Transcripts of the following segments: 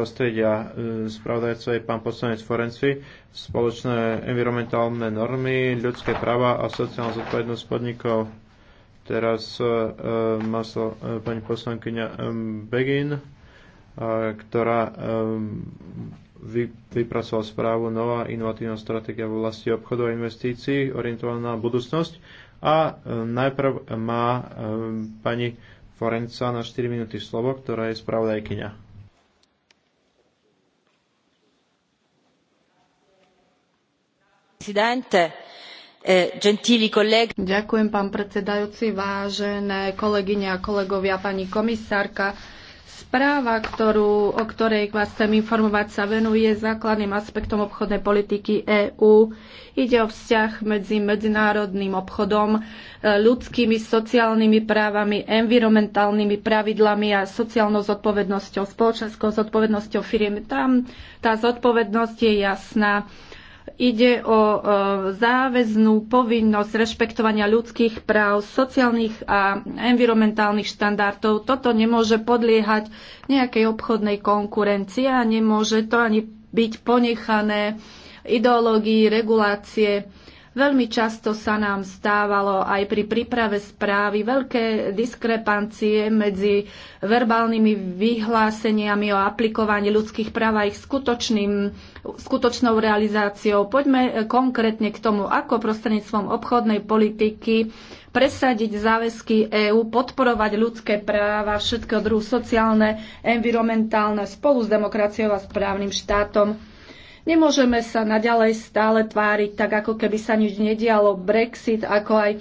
prostredia. E, spravodajca je pán poslanec Forenci. Spoločné environmentálne normy, ľudské práva a sociálna zodpovednosť podnikov. Teraz e, e, má sa pani poslankyňa Begin, ktorá vypracovala správu Nová inovatívna stratégia v oblasti obchodu a investícií orientovaná na budúcnosť. A najprv má pani Forenca na 4 minúty slovo, ktorá je spravodajkyňa. E, Ďakujem, pán predsedajúci, vážené kolegyne a kolegovia, pani komisárka. Správa, ktorú, o ktorej vás chcem informovať, sa venuje základným aspektom obchodnej politiky EÚ. Ide o vzťah medzi medzinárodným obchodom, e, ľudskými, sociálnymi právami, environmentálnymi pravidlami a sociálnou zodpovednosťou, spoločenskou zodpovednosťou firiem. Tam tá zodpovednosť je jasná Ide o e, záväznú povinnosť rešpektovania ľudských práv, sociálnych a environmentálnych štandardov. Toto nemôže podliehať nejakej obchodnej konkurencii a nemôže to ani byť ponechané ideológii regulácie Veľmi často sa nám stávalo aj pri príprave správy veľké diskrepancie medzi verbálnymi vyhláseniami o aplikovaní ľudských práv a ich skutočným, skutočnou realizáciou. Poďme eh, konkrétne k tomu, ako prostredníctvom obchodnej politiky presadiť záväzky EÚ, podporovať ľudské práva, všetko druhu sociálne, environmentálne spolu s demokraciou a správnym štátom Nemôžeme sa naďalej stále tváriť tak, ako keby sa nič nedialo. Brexit, ako aj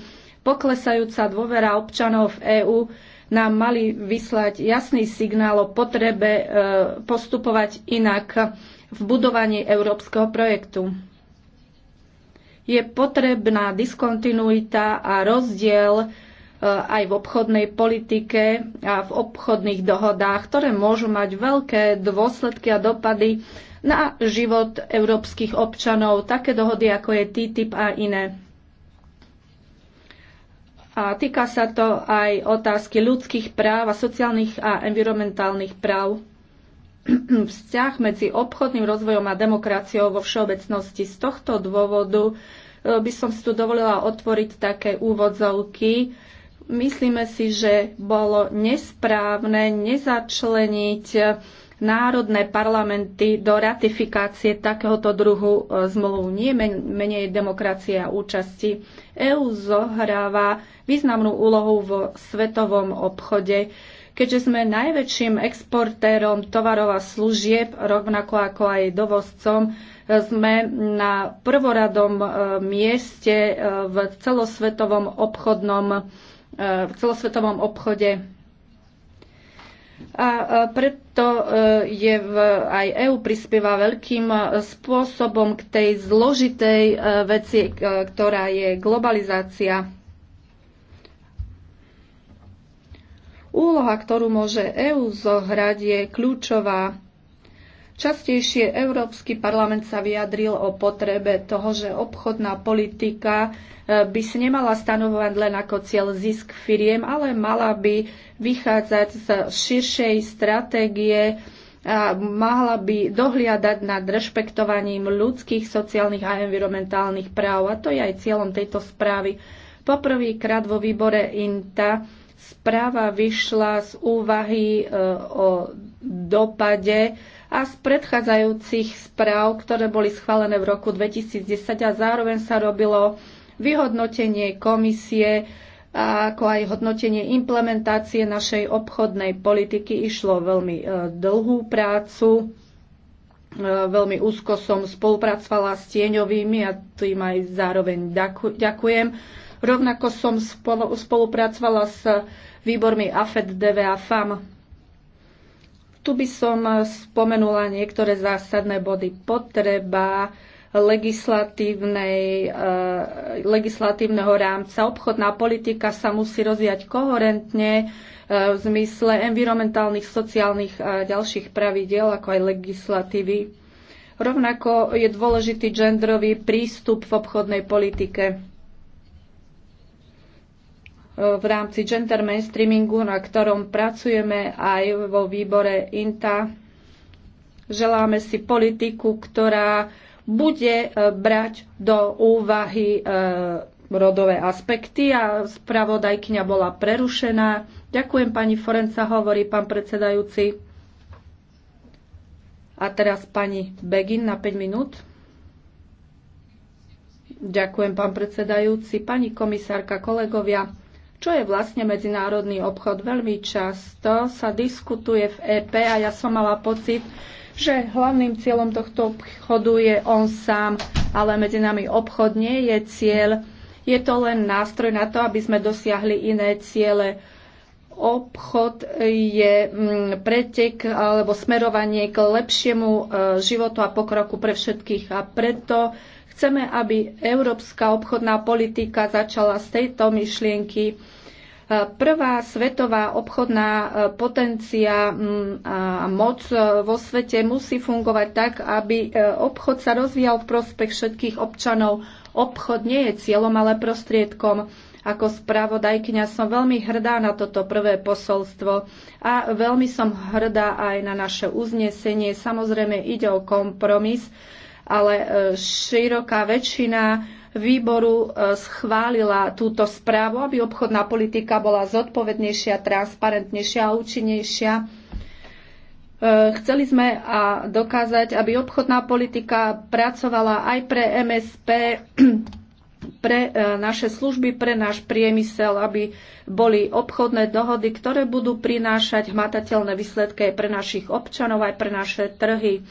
poklesajúca dôvera občanov v EÚ nám mali vyslať jasný signál o potrebe e, postupovať inak v budovaní európskeho projektu. Je potrebná diskontinuita a rozdiel e, aj v obchodnej politike a v obchodných dohodách, ktoré môžu mať veľké dôsledky a dopady na život európskych občanov, také dohody ako je TTIP a iné. A týka sa to aj otázky ľudských práv a sociálnych a environmentálnych práv. Vzťah medzi obchodným rozvojom a demokraciou vo všeobecnosti. Z tohto dôvodu e, by som si tu dovolila otvoriť také úvodzovky. Myslíme si, že bolo nesprávne nezačleniť národné parlamenty do ratifikácie takéhoto druhu e, zmluv. Nie menej demokracie a účasti. EÚ zohráva významnú úlohu v svetovom obchode, keďže sme najväčším exportérom tovarov a služieb, rovnako ako aj dovozcom, e, sme na prvoradom e, mieste v celosvetovom obchodnom v celosvetovom obchode a preto e, je v, aj EU prispieva veľkým e, spôsobom k tej zložitej e, veci, ktorá je globalizácia. Úloha, ktorú môže EU zohrať, je kľúčová Častejšie Európsky parlament sa vyjadril o potrebe toho, že obchodná politika e, by si nemala stanovovať len ako cieľ zisk firiem, ale mala by vychádzať z širšej stratégie a mala by dohliadať nad rešpektovaním ľudských, sociálnych a environmentálnych práv. A to je aj cieľom tejto správy. Poprvýkrát vo výbore INTA správa vyšla z úvahy e, o dopade a z predchádzajúcich správ, ktoré boli schválené v roku 2010 a zároveň sa robilo vyhodnotenie komisie, ako aj hodnotenie implementácie našej obchodnej politiky. Išlo veľmi e, dlhú prácu, e, veľmi úzko som spolupracovala s tieňovými a tým aj zároveň ďakujem. Rovnako som spolupracovala s výbormi AFED, DV a FAM. Tu by som spomenula niektoré zásadné body. Potreba legislatívnej, eh, legislatívneho rámca. Obchodná politika sa musí rozvíjať koherentne eh, v zmysle environmentálnych, sociálnych a ďalších pravidiel, ako aj legislatívy. Rovnako je dôležitý genderový prístup v obchodnej politike v rámci gender mainstreamingu, na ktorom pracujeme aj vo výbore INTA. Želáme si politiku, ktorá bude e, brať do úvahy e, rodové aspekty a spravodajkňa bola prerušená. Ďakujem pani Forenca, hovorí pán predsedajúci. A teraz pani Begin na 5 minút. Ďakujem, pán predsedajúci, pani komisárka, kolegovia. Čo je vlastne medzinárodný obchod? Veľmi často sa diskutuje v EP a ja som mala pocit, že hlavným cieľom tohto obchodu je on sám, ale medzi nami obchod nie je cieľ. Je to len nástroj na to, aby sme dosiahli iné ciele. Obchod je mm, pretek alebo smerovanie k lepšiemu e, životu a pokroku pre všetkých a preto Chceme, aby európska obchodná politika začala z tejto myšlienky. E, prvá svetová obchodná e, potencia mm, a moc e, vo svete musí fungovať tak, aby obchod sa rozvíjal v prospech všetkých občanov. Obchod nie je cieľom, ale prostriedkom. Ako spravodajkňa som veľmi hrdá na toto prvé posolstvo a veľmi som hrdá aj na naše uznesenie. Samozrejme ide o kompromis, ale e, široká väčšina výboru e, schválila túto správu, aby obchodná politika bola zodpovednejšia, transparentnejšia a účinnejšia. E, chceli sme a dokázať, aby obchodná politika pracovala aj pre MSP, pre naše služby, pre náš priemysel, aby boli obchodné dohody, ktoré budú prinášať hmatateľné výsledky aj pre našich občanov, aj pre naše trhy.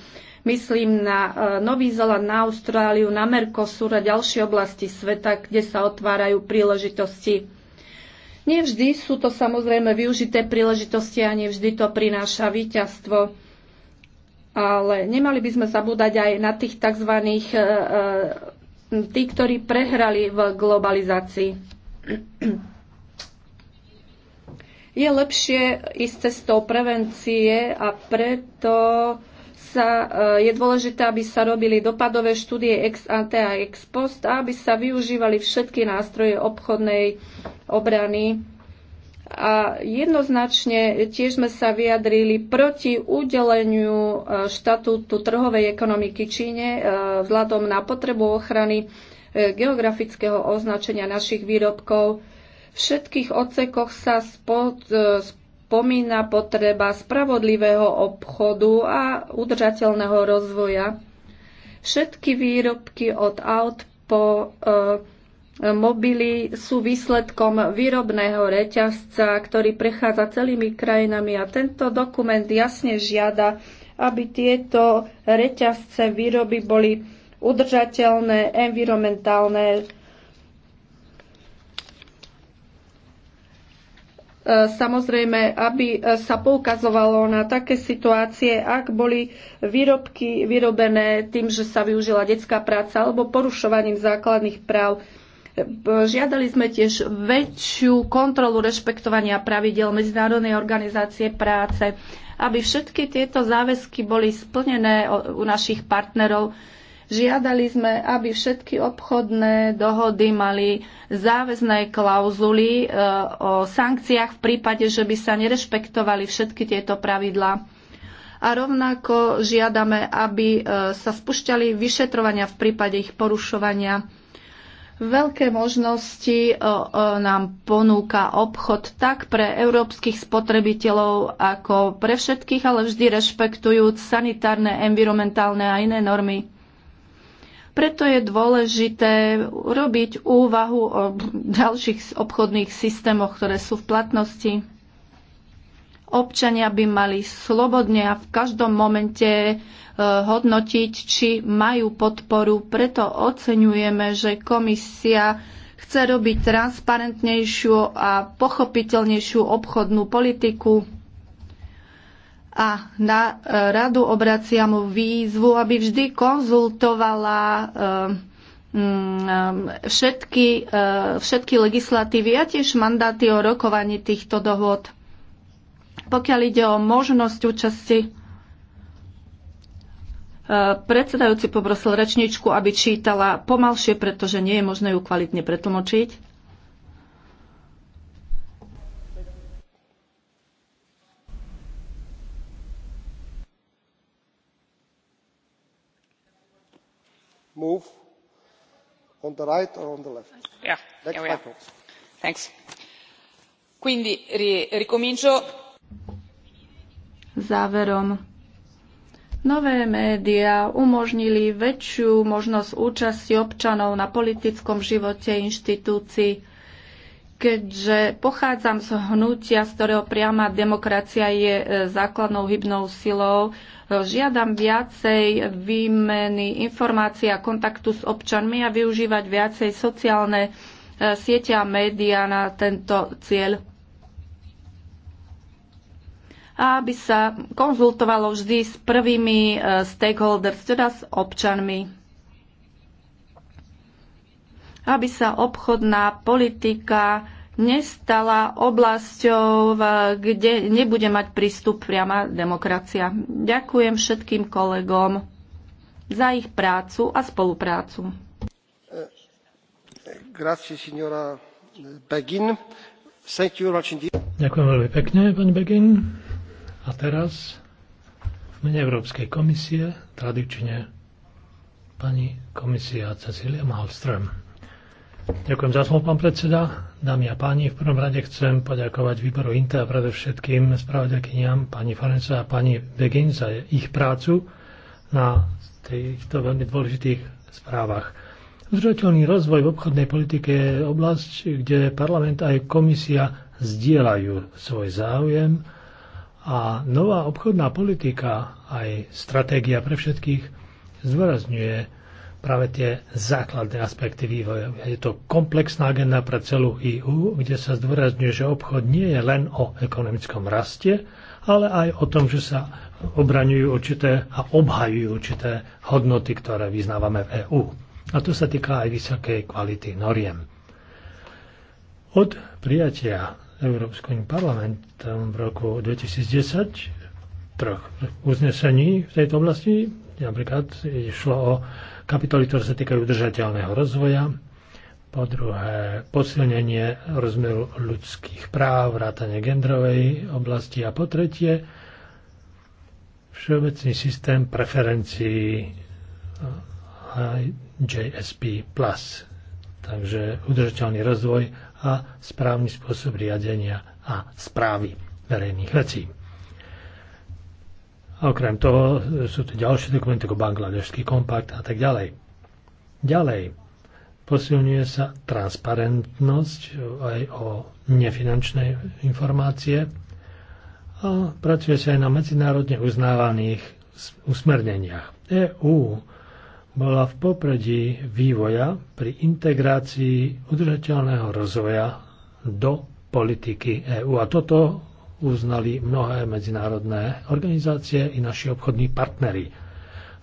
Myslím na e, Nový Zeland, na Austráliu, na Mercosur a ďalšie oblasti sveta, kde sa otvárajú príležitosti. Nevždy sú to samozrejme využité príležitosti a nevždy to prináša víťazstvo. Ale nemali by sme zabúdať aj na tých tzv. E, e, tí, ktorí prehrali v globalizácii. Je lepšie ísť cestou prevencie a preto sa, eh, je dôležité, aby sa robili dopadové štúdie ex ante a ex post a aby sa využívali všetky nástroje obchodnej obrany. A jednoznačne tiež sme sa vyjadrili proti udeleniu eh, štatútu trhovej ekonomiky Číne eh, vzhľadom na potrebu ochrany geografického označenia našich výrobkov. V všetkých odsekoch sa spod, spomína potreba spravodlivého obchodu a udržateľného rozvoja. Všetky výrobky od aut po e, mobily sú výsledkom výrobného reťazca, ktorý prechádza celými krajinami a tento dokument jasne žiada, aby tieto reťazce výroby boli udržateľné, environmentálne, E, samozrejme, aby e, sa poukazovalo na také situácie, ak boli výrobky vyrobené tým, že sa využila detská práca alebo porušovaním základných práv. E, žiadali sme tiež väčšiu kontrolu rešpektovania pravidel Medzinárodnej organizácie práce, aby všetky tieto záväzky boli splnené u našich partnerov Žiadali sme, aby všetky obchodné dohody mali záväzné klauzuly e, o sankciách v prípade, že by sa nerešpektovali všetky tieto pravidlá. A rovnako žiadame, aby e, sa spúšťali vyšetrovania v prípade ich porušovania. Veľké možnosti e, nám ponúka obchod tak pre európskych spotrebiteľov ako pre všetkých, ale vždy rešpektujúc sanitárne, environmentálne a iné normy. Preto je dôležité robiť úvahu o ďalších obchodných systémoch, ktoré sú v platnosti. Občania by mali slobodne a v každom momente eh, hodnotiť, či majú podporu. Preto oceňujeme, že komisia chce robiť transparentnejšiu a pochopiteľnejšiu obchodnú politiku a na e, radu obraciam výzvu, aby vždy konzultovala e, e, všetky, všetky legislatívy a tiež mandáty o rokovaní týchto dohod. Pokiaľ ide o možnosť účasti, predsedajúci poprosil rečničku, aby čítala pomalšie, pretože nie je možné ju kvalitne pretlmočiť. Quindi ricomincio. Záverom. Nové médiá umožnili väčšiu možnosť účasti občanov na politickom živote inštitúcií keďže pochádzam z hnutia, z ktorého priama demokracia je e, základnou hybnou silou, e, žiadam viacej výmeny informácií a kontaktu s občanmi a využívať viacej sociálne e, siete a médiá na tento cieľ. A aby sa konzultovalo vždy s prvými stakeholders, teda s občanmi aby sa obchodná politika nestala oblasťou, kde nebude mať prístup priama demokracia. Ďakujem všetkým kolegom za ich prácu a spoluprácu. Ďakujem veľmi pekne, pani Begin. A teraz v mene Európskej komisie tradične pani komisia Cecilia Malström. Ďakujem za slovo, pán predseda. Dámy a páni, v prvom rade chcem poďakovať výboru INTA a predovšetkým spravodajkyniam pani Farenca a pani Begin za ich prácu na týchto veľmi dôležitých správach. Udržateľný rozvoj v obchodnej politike je oblasť, kde parlament aj komisia zdieľajú svoj záujem a nová obchodná politika aj stratégia pre všetkých zdôrazňuje práve tie základné aspekty vývoja. Je to komplexná agenda pre celú EÚ, kde sa zdôrazňuje, že obchod nie je len o ekonomickom raste, ale aj o tom, že sa obraňujú určité a obhajujú určité hodnoty, ktoré vyznávame v EÚ. A to sa týka aj vysokej kvality noriem. Od prijatia Európskym parlamentom v roku 2010 troch uznesení v tejto oblasti, napríklad išlo o kapitoly, ktoré sa týkajú udržateľného rozvoja, po druhé posilnenie rozmeru ľudských práv, vrátanie genderovej oblasti a po tretie všeobecný systém preferencií JSP+. Takže udržateľný rozvoj a správny spôsob riadenia a správy verejných vecí. A okrem toho sú tu ďalšie dokumenty ako Bangladešský kompakt a tak ďalej. Ďalej, posilňuje sa transparentnosť aj o nefinančné informácie a pracuje sa aj na medzinárodne uznávaných usmerneniach. EÚ bola v popredí vývoja pri integrácii udržateľného rozvoja do politiky EÚ. A toto uznali mnohé medzinárodné organizácie i naši obchodní partnery.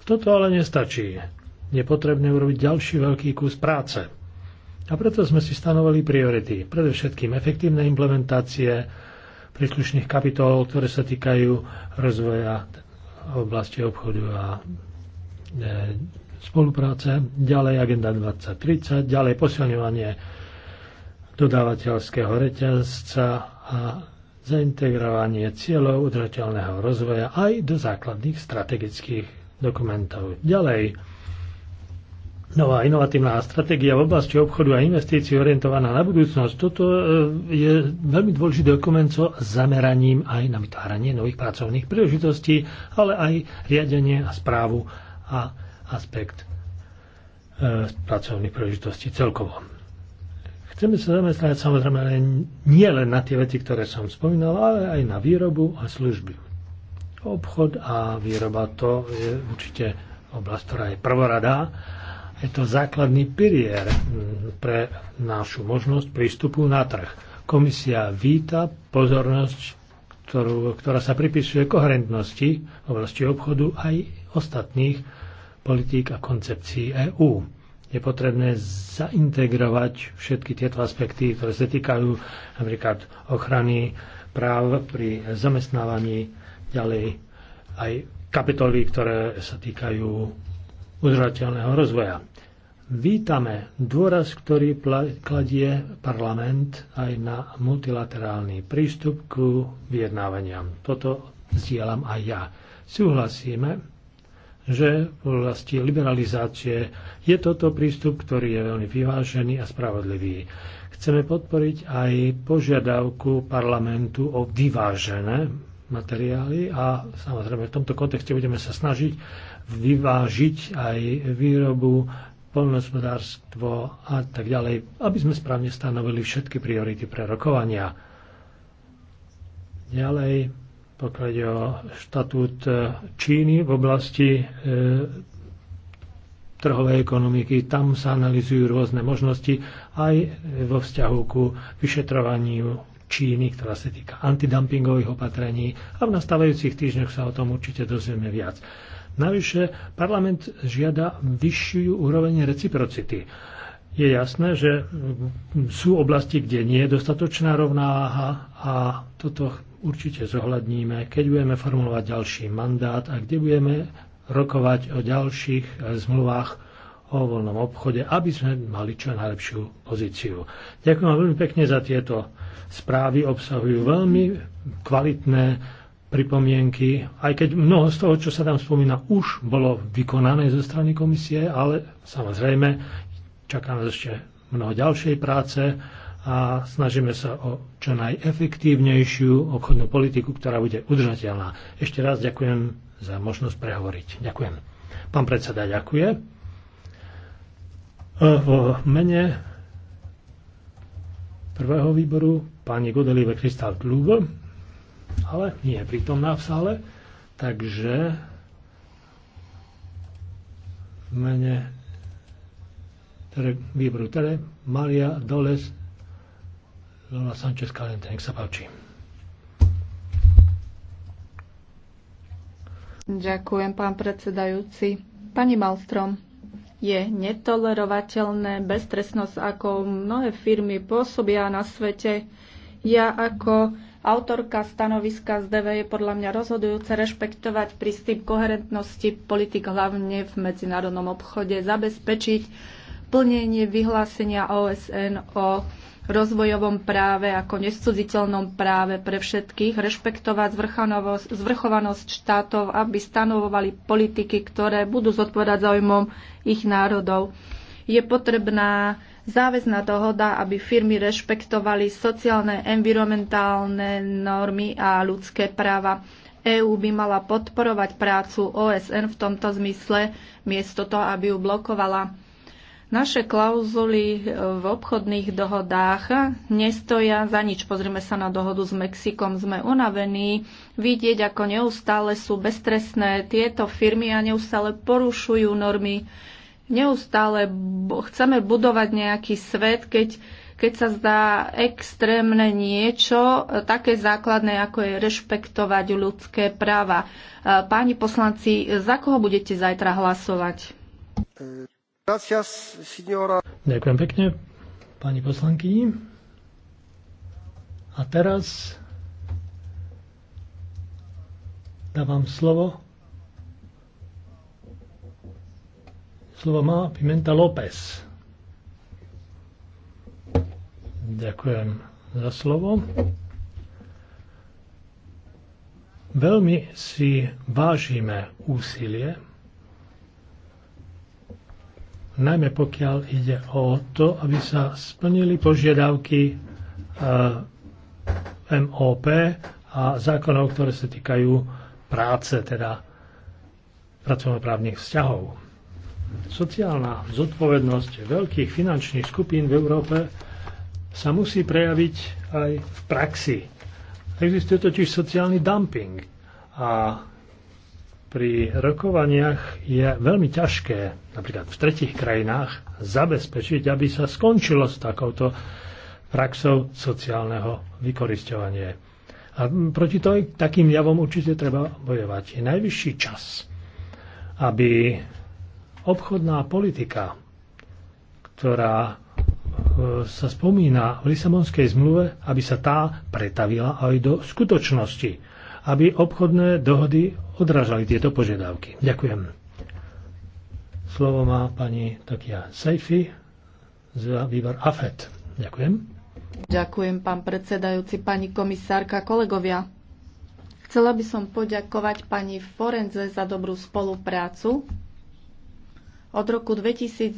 Toto ale nestačí. Je potrebné urobiť ďalší veľký kus práce. A preto sme si stanovali priority. Predovšetkým efektívne implementácie príslušných kapitol, ktoré sa týkajú rozvoja oblasti obchodu a e, spolupráce, ďalej Agenda 2030, ďalej posilňovanie dodávateľského reťazca a zaintegrovanie cieľov udržateľného rozvoja aj do základných strategických dokumentov. Ďalej, nová inovatívna stratégia v oblasti obchodu a investícií orientovaná na budúcnosť. Toto e, je veľmi dôležitý dokument so zameraním aj na vytváranie nových pracovných príležitostí, ale aj riadenie a správu a aspekt e, pracovných príležitostí celkovo. Chceme sa zamestnať samozrejme nie len na tie veci, ktoré som spomínal, ale aj na výrobu a služby. Obchod a výroba to je určite oblasť, ktorá je prvoradá. Je to základný pilier mm, pre našu možnosť prístupu na trh. Komisia víta pozornosť, ktorú, ktorá sa pripisuje koherentnosti v oblasti obchodu aj ostatných politík a koncepcií EÚ je potrebné zaintegrovať všetky tieto aspekty, ktoré sa týkajú napríklad ochrany práv pri zamestnávaní, ďalej aj kapitoly, ktoré sa týkajú udržateľného rozvoja. Vítame dôraz, ktorý kladie parlament aj na multilaterálny prístup ku vyjednávaniam. Toto zdieľam aj ja. Súhlasíme že v oblasti liberalizácie je toto prístup, ktorý je veľmi vyvážený a spravodlivý. Chceme podporiť aj požiadavku parlamentu o vyvážené materiály a samozrejme v tomto kontexte budeme sa snažiť vyvážiť aj výrobu, poľnohospodárstvo a tak ďalej, aby sme správne stanovili všetky priority pre rokovania. Ďalej pokiaľ o štatút e, Číny v oblasti e, trhovej ekonomiky. Tam sa analizujú rôzne možnosti aj vo vzťahu ku vyšetrovaniu Číny, ktorá sa týka antidumpingových opatrení a v nastávajúcich týždňoch sa o tom určite dozvieme viac. Navyše, parlament žiada vyššiu úroveň reciprocity. Je jasné, že sú oblasti, kde nie je dostatočná rovnáha a toto určite zohľadníme, keď budeme formulovať ďalší mandát a kde budeme rokovať o ďalších eh, zmluvách o voľnom obchode, aby sme mali čo najlepšiu pozíciu. Ďakujem vám veľmi pekne za tieto správy, obsahujú veľmi kvalitné pripomienky, aj keď mnoho z toho, čo sa tam spomína, už bolo vykonané zo strany komisie, ale samozrejme čaká nás ešte mnoho ďalšej práce a snažíme sa o čo najefektívnejšiu obchodnú politiku, ktorá bude udržateľná. Ešte raz ďakujem za možnosť prehovoriť. Ďakujem. Pán predseda, ďakuje. E, v mene prvého výboru pani Godelive Kristal Klub, ale nie je prítomná v sále, takže v mene výboru Tere Maria Doles Lola Sanchez Kalente, nech sa páči. Ďakujem, pán predsedajúci. Pani Malstrom, je netolerovateľné beztresnosť, ako mnohé firmy pôsobia na svete. Ja ako autorka stanoviska z DV je podľa mňa rozhodujúce rešpektovať prístup koherentnosti politik hlavne v medzinárodnom obchode, zabezpečiť plnenie vyhlásenia OSN o rozvojovom práve ako nescudziteľnom práve pre všetkých, rešpektovať zvrchovanosť štátov, aby stanovovali politiky, ktoré budú zodpovedať zaujímom ich národov. Je potrebná záväzná dohoda, aby firmy rešpektovali sociálne, environmentálne normy a ľudské práva. EÚ by mala podporovať prácu OSN v tomto zmysle, miesto toho, aby ju blokovala. Naše klauzuly e, v obchodných dohodách nestoja za nič. pozrieme sa na dohodu s Mexikom. Sme unavení vidieť, ako neustále sú beztresné tieto firmy a neustále porušujú normy. Neustále chceme budovať nejaký svet, keď, keď sa zdá extrémne niečo, e, také základné, ako je rešpektovať ľudské práva. E, páni poslanci, za koho budete zajtra hlasovať? Ďakujem pekne, pani poslankyni. A teraz dávam slovo. Slovo má Pimenta López. Ďakujem za slovo. Veľmi si vážime úsilie najmä pokiaľ ide o to, aby sa splnili požiadavky eh, MOP a zákonov, ktoré sa týkajú práce, teda pracovnoprávnych vzťahov. Sociálna zodpovednosť veľkých finančných skupín v Európe sa musí prejaviť aj v praxi. Existuje totiž sociálny dumping a pri rokovaniach je veľmi ťažké, napríklad v tretich krajinách, zabezpečiť, aby sa skončilo s takouto praxou sociálneho vykoristovania. A proti to, takým javom určite treba bojovať. Je najvyšší čas, aby obchodná politika, ktorá e, sa spomína v Lisabonskej zmluve, aby sa tá pretavila aj do skutočnosti aby obchodné dohody odrážali tieto požiadavky. Ďakujem. Slovo má pani Tokia Sejfi za výbor AFET. Ďakujem. Ďakujem, pán predsedajúci, pani komisárka, kolegovia. Chcela by som poďakovať pani Forenze za dobrú spoluprácu. Od roku 2010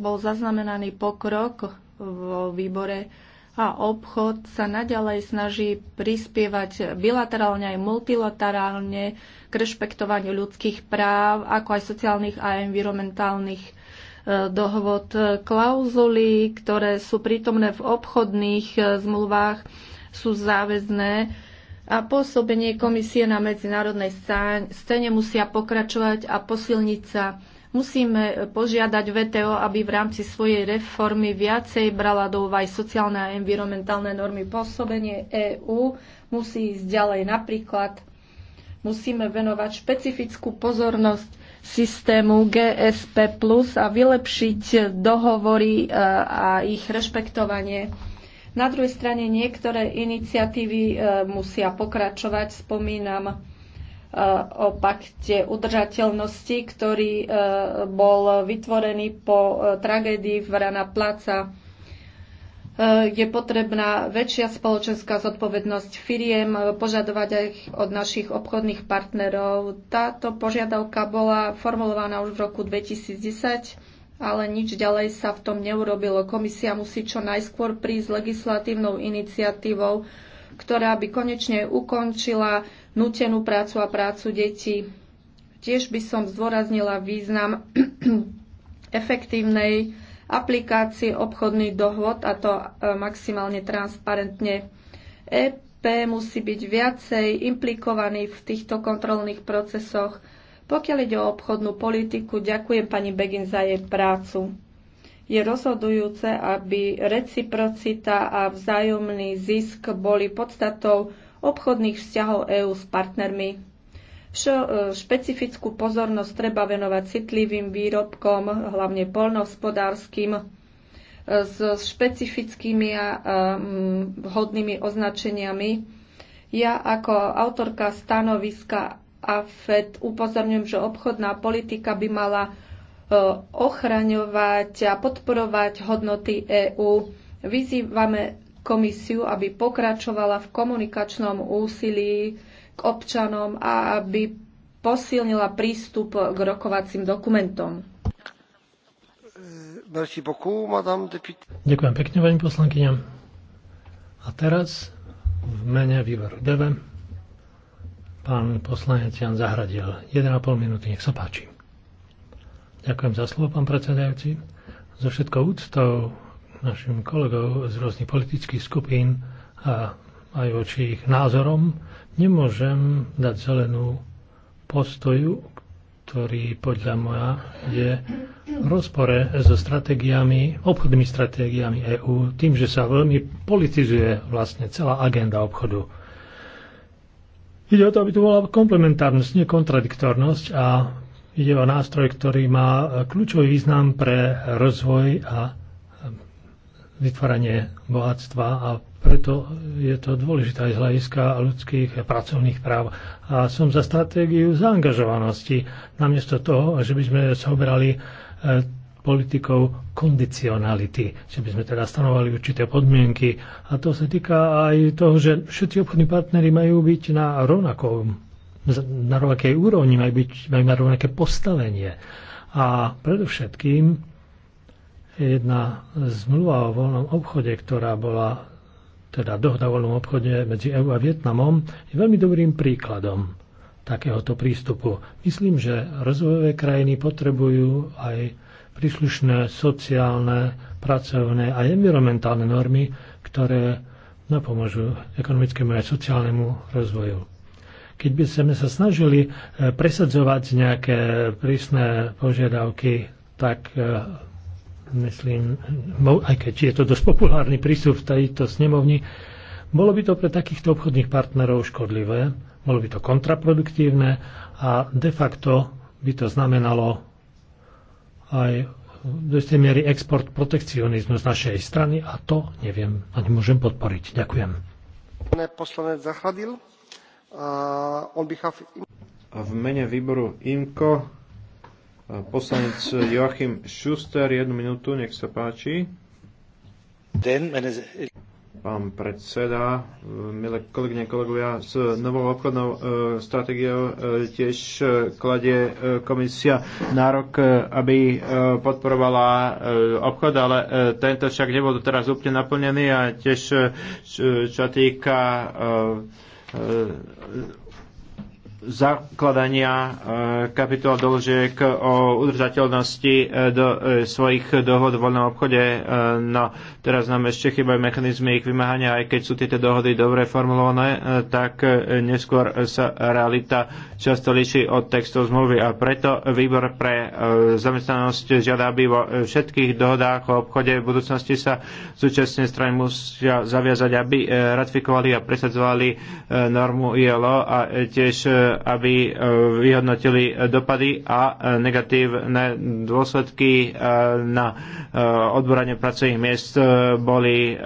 bol zaznamenaný pokrok vo výbore a obchod sa naďalej snaží prispievať bilaterálne aj multilaterálne k rešpektovaniu ľudských práv, ako aj sociálnych a environmentálnych e, dohod. Klauzuly, ktoré sú prítomné v obchodných e, zmluvách, sú záväzné a pôsobenie komisie na medzinárodnej scéne musia pokračovať a posilniť sa Musíme požiadať VTO, aby v rámci svojej reformy viacej brala do úvahy sociálne a environmentálne normy. Pôsobenie EÚ musí ísť ďalej. Napríklad musíme venovať špecifickú pozornosť systému GSP Plus a vylepšiť dohovory e, a ich rešpektovanie. Na druhej strane niektoré iniciatívy e, musia pokračovať. Spomínam o pakte udržateľnosti, ktorý e, bol vytvorený po e, tragédii v Rana Placa. E, je potrebná väčšia spoločenská zodpovednosť firiem, požadovať aj od našich obchodných partnerov. Táto požiadavka bola formulovaná už v roku 2010, ale nič ďalej sa v tom neurobilo. Komisia musí čo najskôr prísť s legislatívnou iniciatívou, ktorá by konečne ukončila nutenú prácu a prácu detí. Tiež by som zdôraznila význam efektívnej aplikácie obchodných dohod, a to e, maximálne transparentne. EP musí byť viacej implikovaný v týchto kontrolných procesoch. Pokiaľ ide o obchodnú politiku, ďakujem pani Begin za jej prácu je rozhodujúce, aby reciprocita a vzájomný zisk boli podstatou obchodných vzťahov EÚ s partnermi. E, špecifickú pozornosť treba venovať citlivým výrobkom, hlavne polnohospodárským, e, s špecifickými a vhodnými označeniami. Ja ako autorka stanoviska AFED upozorňujem, že obchodná politika by mala e, ochraňovať a podporovať hodnoty EÚ. Vyzývame komisiu, aby pokračovala v komunikačnom úsilí k občanom a aby posilnila prístup k rokovacím dokumentom. Ďakujem pekne, pani poslankyňa. A teraz v mene výboru DEVE pán poslanec Jan Zahradil. 1,5 minúty, nech sa páči. Ďakujem za slovo, pán predsedajúci. So všetkou úctou našim kolegov z rôznych politických skupín a aj voči ich názorom, nemôžem dať zelenú postoju, ktorý podľa moja je v rozpore so stratégiami, obchodnými stratégiami EÚ, tým, že sa veľmi politizuje vlastne celá agenda obchodu. Ide o to, aby tu bola komplementárnosť, nie kontradiktornosť a ide o nástroj, ktorý má kľúčový význam pre rozvoj a vytvorenie bohatstva a preto je to dôležité aj z hľadiska ľudských a pracovných práv. A som za stratégiu zaangažovanosti, namiesto toho, že by sme zobrali e, politikou kondicionality, že by sme teda stanovali určité podmienky. A to sa týka aj toho, že všetci obchodní partnery majú byť na rovnakom, na rovnakej úrovni, majú, byť, majú mať rovnaké postavenie. A predovšetkým jedna zmluva o voľnom obchode, ktorá bola teda dohoda o voľnom obchode medzi EU a Vietnamom, je veľmi dobrým príkladom takéhoto prístupu. Myslím, že rozvojové krajiny potrebujú aj príslušné sociálne, pracovné a environmentálne normy, ktoré napomôžu ekonomickému a sociálnemu rozvoju. Keď by sme sa snažili eh, presadzovať nejaké prísne požiadavky, tak eh, myslím, aj keď je to dosť populárny prístup v tejto snemovni, bolo by to pre takýchto obchodných partnerov škodlivé, bolo by to kontraproduktívne a de facto by to znamenalo aj do istej miery export protekcionizmu z našej strany a to neviem a nemôžem podporiť. Ďakujem. Poslanec Zahradil. Uh, on behalf... V mene výboru IMKO Poslanec Joachim Schuster, jednu minútu, nech sa páči. Pán predseda, milé kolegyne, kolegovia, s novou obchodnou e, stratégiou e, tiež e, kladie e, komisia nárok, e, aby e, podporovala e, obchod, ale e, tento však nebol doteraz úplne naplnený a tiež e, čo, čo týka e, e, zakladania e, kapitola doložiek o udržateľnosti e, do e, svojich dohod v voľnom obchode. No, teraz nám ešte chýbajú mechanizmy ich vymáhania, aj keď sú tieto dohody dobre formulované, tak neskôr sa realita často líši od textov zmluvy a preto výbor pre zamestnanosť žiada, aby vo všetkých dohodách o obchode v budúcnosti sa súčasne strany musia zaviazať, aby ratifikovali a presadzovali normu ILO a tiež aby e, vyhodnotili dopady a e, negatívne dôsledky e, na odboranie pracovných miest boli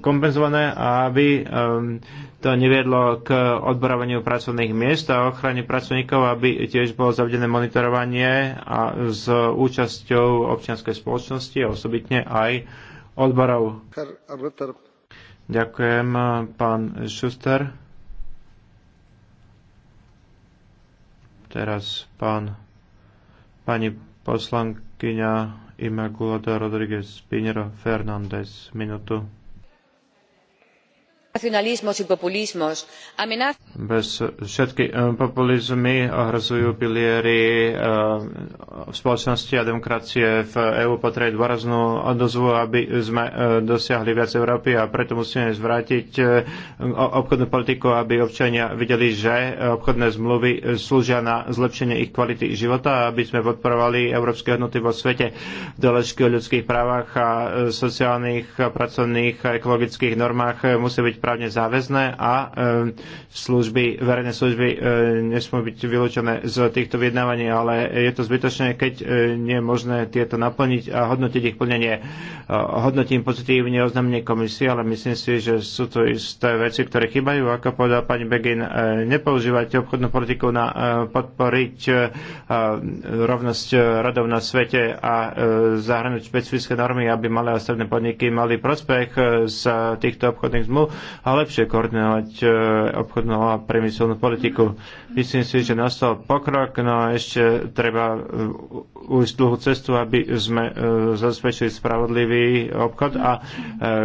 kompenzované a aby to neviedlo k odborovaniu pracovných miest a ochrane pracovníkov, aby tiež bolo zavedené monitorovanie a s účasťou občianskej spoločnosti a osobitne aj odborov. Ďakujem, pán Šuster. Teraz pán, pani poslankyňa Immaculada Rodriguez Pinero Fernández, minútu. Bez všetky eh, populizmy ohrozujú piliery eh, spoločnosti a demokracie v EÚ potrebujú dôraznú odozvu, aby sme eh, dosiahli viac Európy a preto musíme zvrátiť obchodnú politiku, aby občania videli, že obchodné zmluvy slúžia na zlepšenie ich kvality života, aby sme podporovali európske hodnoty vo svete, doležky o ľudských právach a sociálnych, pracovných a ekologických normách musí byť právne záväzné a e, služby, verejné služby e, nesmú byť vylúčené z týchto vyjednávaní, ale je to zbytočné, keď e, nie je možné tieto naplniť a hodnotiť ich plnenie. Hodnotím pozitívne oznámenie komisie, ale myslím si, že sú to isté veci, ktoré chýbajú. Ako povedal pani Begin, nepoužívajte obchodnú politiku na podporiť rovnosť rodov na svete a zahrnúť špecifické normy, aby malé a stredné podniky mali prospech z týchto obchodných zmluv a lepšie koordinovať e, obchodnú a priemyselnú politiku. Myslím si, že nastal pokrok, no a ešte treba e, ujsť dlhú cestu, aby sme e, zabezpečili spravodlivý obchod a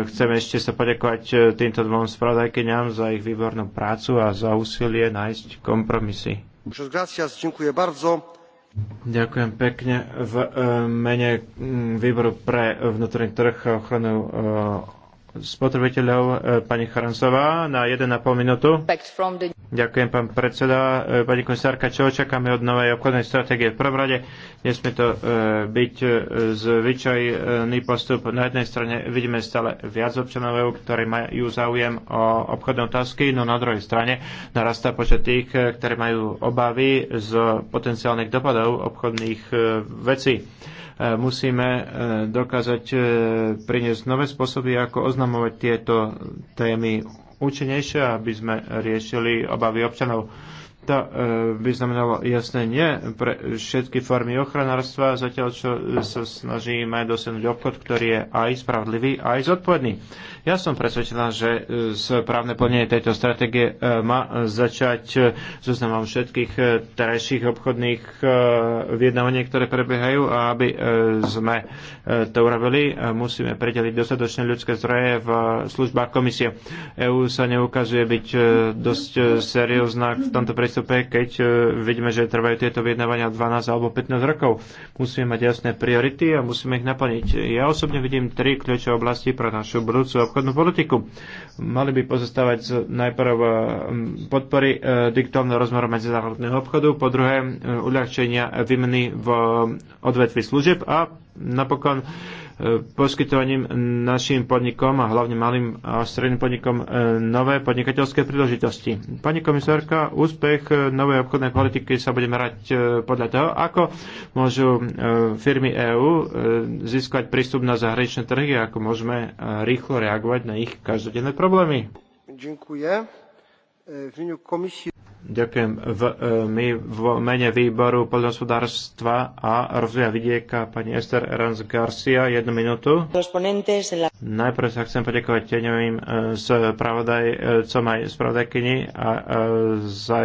chcem ešte sa poďakovať týmto dvom spravodajkyňam za ich výbornú prácu a za úsilie nájsť kompromisy. Ďakujem bardzo. Ďakujem pekne. V mene výboru pre vnútorný trh a ochranu spotrebiteľov e, pani Charancová na 1,5 minútu. Ďakujem, pán predseda. E, pani komisárka, čo očakáme od novej obchodnej stratégie? V prvom rade nesme to e, byť zvyčajný postup. Na jednej strane vidíme stále viac občanov, ktorí majú záujem o obchodné otázky, no na druhej strane narastá počet tých, ktorí majú obavy z potenciálnych dopadov obchodných vecí E, musíme e, dokázať e, priniesť nové spôsoby, ako oznamovať tieto témy účinnejšie, aby sme riešili obavy občanov. To e, by znamenalo jasné nie pre všetky formy ochranárstva, zatiaľ čo sa snažíme dosiahnuť obchod, ktorý je aj spravodlivý, aj zodpovedný. Ja som presvedčená, že správne e, plnenie tejto stratégie e, má začať zoznamom všetkých terajších obchodných vyjednávaní, ktoré prebiehajú a aby sme to urobili, musíme predeliť dostatočné ľudské zdroje v službách komisie. EÚ sa neukazuje byť dosť seriózna v tomto predstavení prístupe, keď e, vidíme, že trvajú tieto vyjednávania 12 alebo 15 rokov. Musíme mať jasné priority a musíme ich naplniť. Ja osobne vidím tri kľúčové oblasti pre našu budúcu obchodnú politiku. Mali by pozostávať z najprv e, podpory e, diktovného rozmeru medzinárodného obchodu, po druhé uľahčenia výmeny v odvetvi služieb a napokon poskytovaním našim podnikom a hlavne malým a stredným podnikom e, nové podnikateľské príležitosti. Pani komisárka, úspech e, novej obchodnej politiky sa bude merať e, podľa toho, ako môžu firmy EÚ získať prístup na zahraničné trhy a ako môžeme rýchlo reagovať na ich každodenné problémy. Ďakujem. V komisii Ďakujem. V, e, my v mene výboru poľnohospodárstva a rozvoja vidieka pani Ester Erans Garcia, jednu minútu. Najprv sa chcem poďakovať teňovým e, spravodajcom aj spravodajkyni a e, za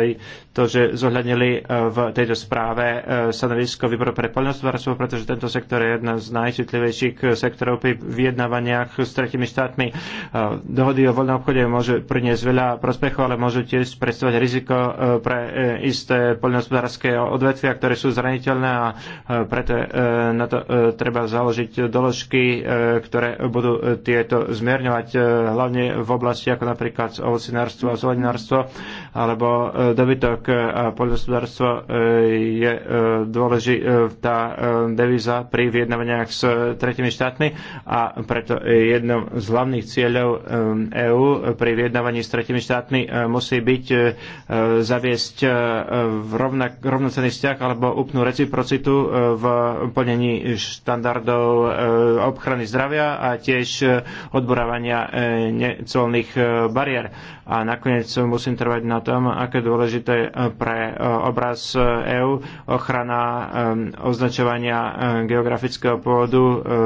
to, že zohľadnili v tejto správe stanovisko výboru pre poľnohospodárstvo, pretože tento sektor je jedna z najčitlivejších sektorov pri vyjednávaniach s tretimi štátmi. Dohody o voľnom obchode môže priniesť veľa prospechov, ale môžu tiež predstavovať riziko E, pre e, isté poľnohospodárske odvetvia, ktoré sú zraniteľné a e, preto na to treba založiť doložky, ktoré budú tieto zmierňovať, hlavne v oblasti ako napríklad ovocinárstvo a zeleninárstvo alebo dobytok a poľnohospodárstvo je dôležitá devíza pri vyjednávaniach s tretimi štátmi a preto jednou z hlavných cieľov EÚ pri vyjednávaní s tretimi štátmi musí byť zaviesť e, rovnak, rovnocený vzťah alebo úplnú reciprocitu e, v plnení štandardov e, ochrany zdravia a tiež odborávania necolných bariér. A nakoniec musím trvať na tom, aké dôležité pre obraz EÚ ochrana označovania geografického pôvodu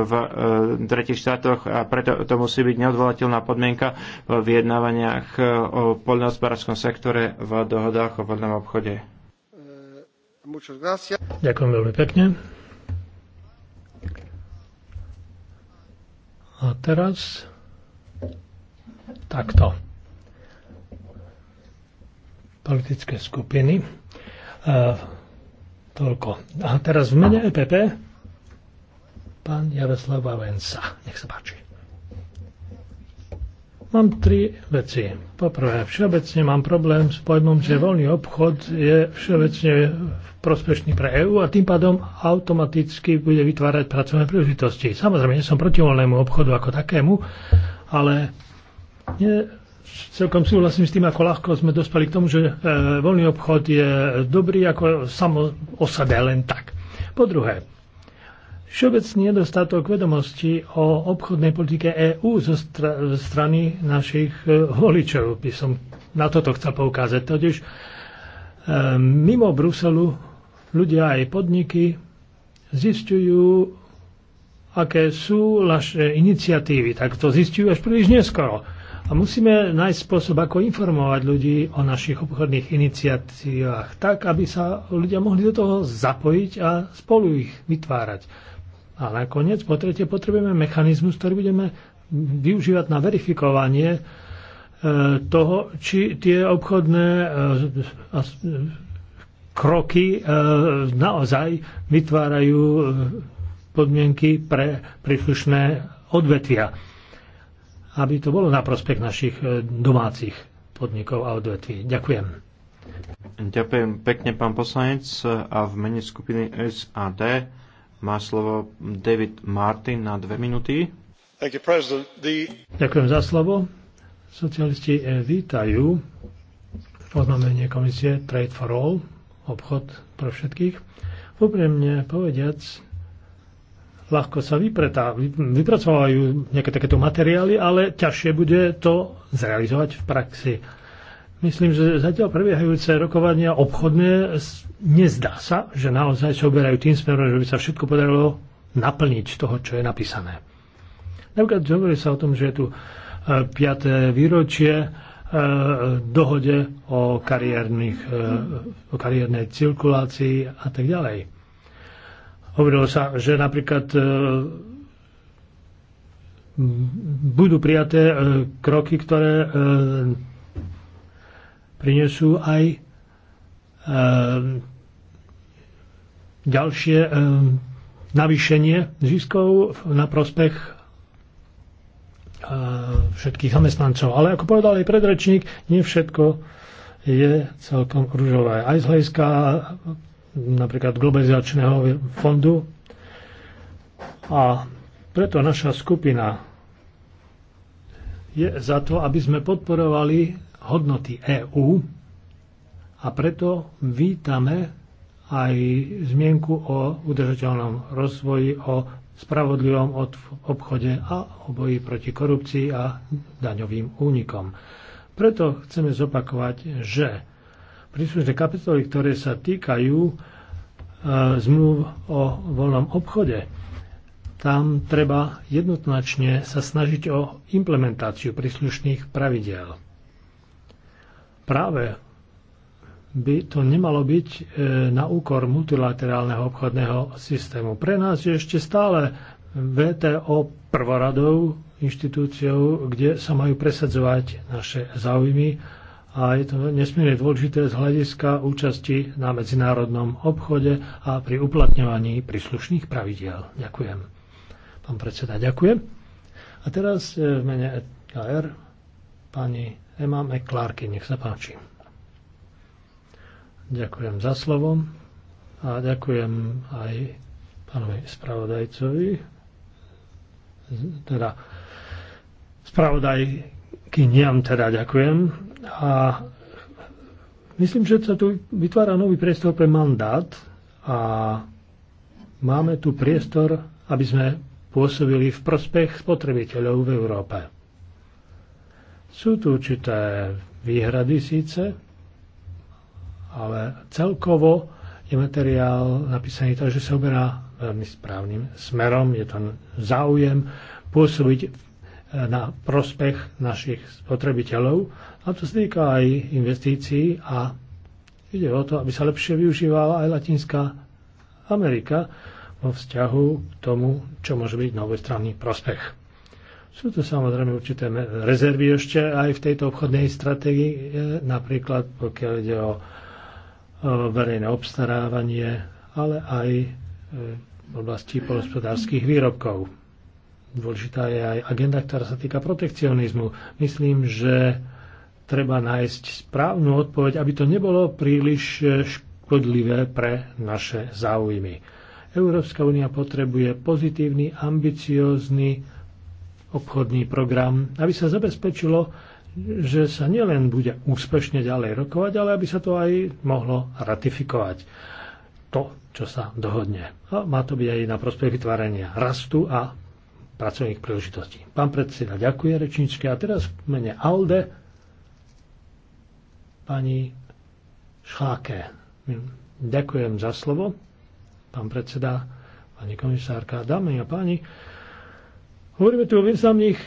v tretich štátoch a preto to musí byť neodvolateľná podmienka v vyjednávaniach o poľnohospodárskom sektore v dohode dohodách o voľnom obchode. Ďakujem veľmi pekne. A teraz takto. Politické skupiny. E, toľko. A teraz v mene EPP pán Jaroslav Vavenca. Nech sa páči. Mám tri veci. Poprvé, všeobecne mám problém s pojmom, že voľný obchod je všeobecne prospešný pre EÚ a tým pádom automaticky bude vytvárať pracovné príležitosti. Samozrejme, nie som proti voľnému obchodu ako takému, ale nie, celkom súhlasím s tým, ako ľahko sme dospeli k tomu, že e, voľný obchod je dobrý ako samo o sebe len tak. Po druhé, všeobecný nedostatok vedomosti o obchodnej politike EÚ zo str- strany našich e, voličov. By som na toto chcel poukázať. Totiž e, mimo Bruselu ľudia aj podniky zistujú, aké sú naše iniciatívy. Tak to zistujú až príliš neskoro. A musíme nájsť spôsob, ako informovať ľudí o našich obchodných iniciatívach, tak, aby sa ľudia mohli do toho zapojiť a spolu ich vytvárať. A nakoniec, po tretie, potrebujeme mechanizmus, ktorý budeme využívať na verifikovanie e, toho, či tie obchodné e, kroky e, naozaj vytvárajú podmienky pre príslušné odvetvia, aby to bolo na prospech našich domácich podnikov a odvetví. Ďakujem. Ďakujem pekne, pán poslanec. A v mene skupiny SAD má slovo David Martin na dve minúty. You, The... Ďakujem za slovo. Socialisti eh, vítajú oznámenie komisie Trade for All, obchod pre všetkých. Úprimne povediac, ľahko sa vypretá, vypracovajú nejaké takéto materiály, ale ťažšie bude to zrealizovať v praxi. Myslím, že zatiaľ prebiehajúce rokovania obchodné nezdá sa, že naozaj sa oberajú tým smerom, že by sa všetko podarilo naplniť toho, čo je napísané. Napríklad hovorí sa o tom, že je tu 5. E, výročie e, dohode o, kariérnych, e, o kariérnej cirkulácii a tak ďalej. Hovorilo sa, že napríklad budú prijaté kroky, ktoré prinesú aj ehm, ďalšie ehm, navýšenie ziskov na prospech ehm, všetkých zamestnancov. Ale ako povedal aj predrečník, nie všetko je celkom ružové. Aj z hľadiska napríklad globalizačného fondu. A preto naša skupina je za to, aby sme podporovali hodnoty EÚ a preto vítame aj zmienku o udržateľnom rozvoji, o spravodlivom obchode a o boji proti korupcii a daňovým únikom. Preto chceme zopakovať, že príslušné kapitoly, ktoré sa týkajú e, zmluv o voľnom obchode, tam treba jednoznačne sa snažiť o implementáciu príslušných pravidel práve by to nemalo byť e, na úkor multilaterálneho obchodného systému. Pre nás je ešte stále VTO prvoradou inštitúciou, kde sa majú presadzovať naše záujmy a je to nesmierne dôležité z hľadiska účasti na medzinárodnom obchode a pri uplatňovaní príslušných pravidiel. Ďakujem. Pán predseda, ďakujem. A teraz e, v mene KR e pani Emma McClarky. Nech sa páči. Ďakujem za slovo a ďakujem aj pánovi spravodajcovi, teda niam teda ďakujem a myslím, že sa tu vytvára nový priestor pre mandát a máme tu priestor, aby sme pôsobili v prospech spotrebiteľov v Európe. Sú tu určité výhrady síce, ale celkovo je materiál napísaný tak, že sa oberá veľmi správnym smerom. Je to záujem pôsobiť e, na prospech našich spotrebiteľov. A to sa týka aj investícií a ide o to, aby sa lepšie využívala aj Latinská Amerika vo vzťahu k tomu, čo môže byť na prospech. Sú tu samozrejme určité rezervy ešte aj v tejto obchodnej stratégii, e, napríklad pokiaľ ide o verejné obstarávanie, ale aj e, v oblasti polospodárských výrobkov. Dôležitá je aj agenda, ktorá sa týka protekcionizmu. Myslím, že treba nájsť správnu odpoveď, aby to nebolo príliš e, škodlivé pre naše záujmy. Európska únia potrebuje pozitívny, ambiciózny obchodný program, aby sa zabezpečilo, že sa nielen bude úspešne ďalej rokovať, ale aby sa to aj mohlo ratifikovať. To, čo sa dohodne. A má to byť aj na prospech vytvárania rastu a pracovných príležitostí. Pán predseda, ďakujem rečničke. A teraz v mene ALDE pani Šláke. Ďakujem za slovo, pán predseda, pani komisárka, dámy a páni. Hovoríme tu o významných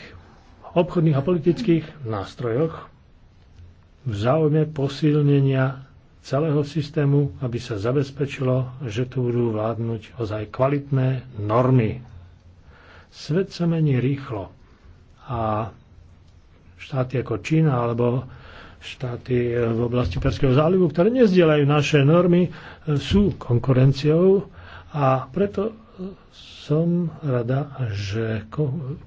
obchodných a politických nástrojoch v záujme posilnenia celého systému, aby sa zabezpečilo, že tu budú vládnuť ozaj kvalitné normy. Svet sa mení rýchlo a štáty ako Čína alebo štáty v oblasti Perského zálivu, ktoré nezdielajú naše normy, sú konkurenciou a preto som rada, že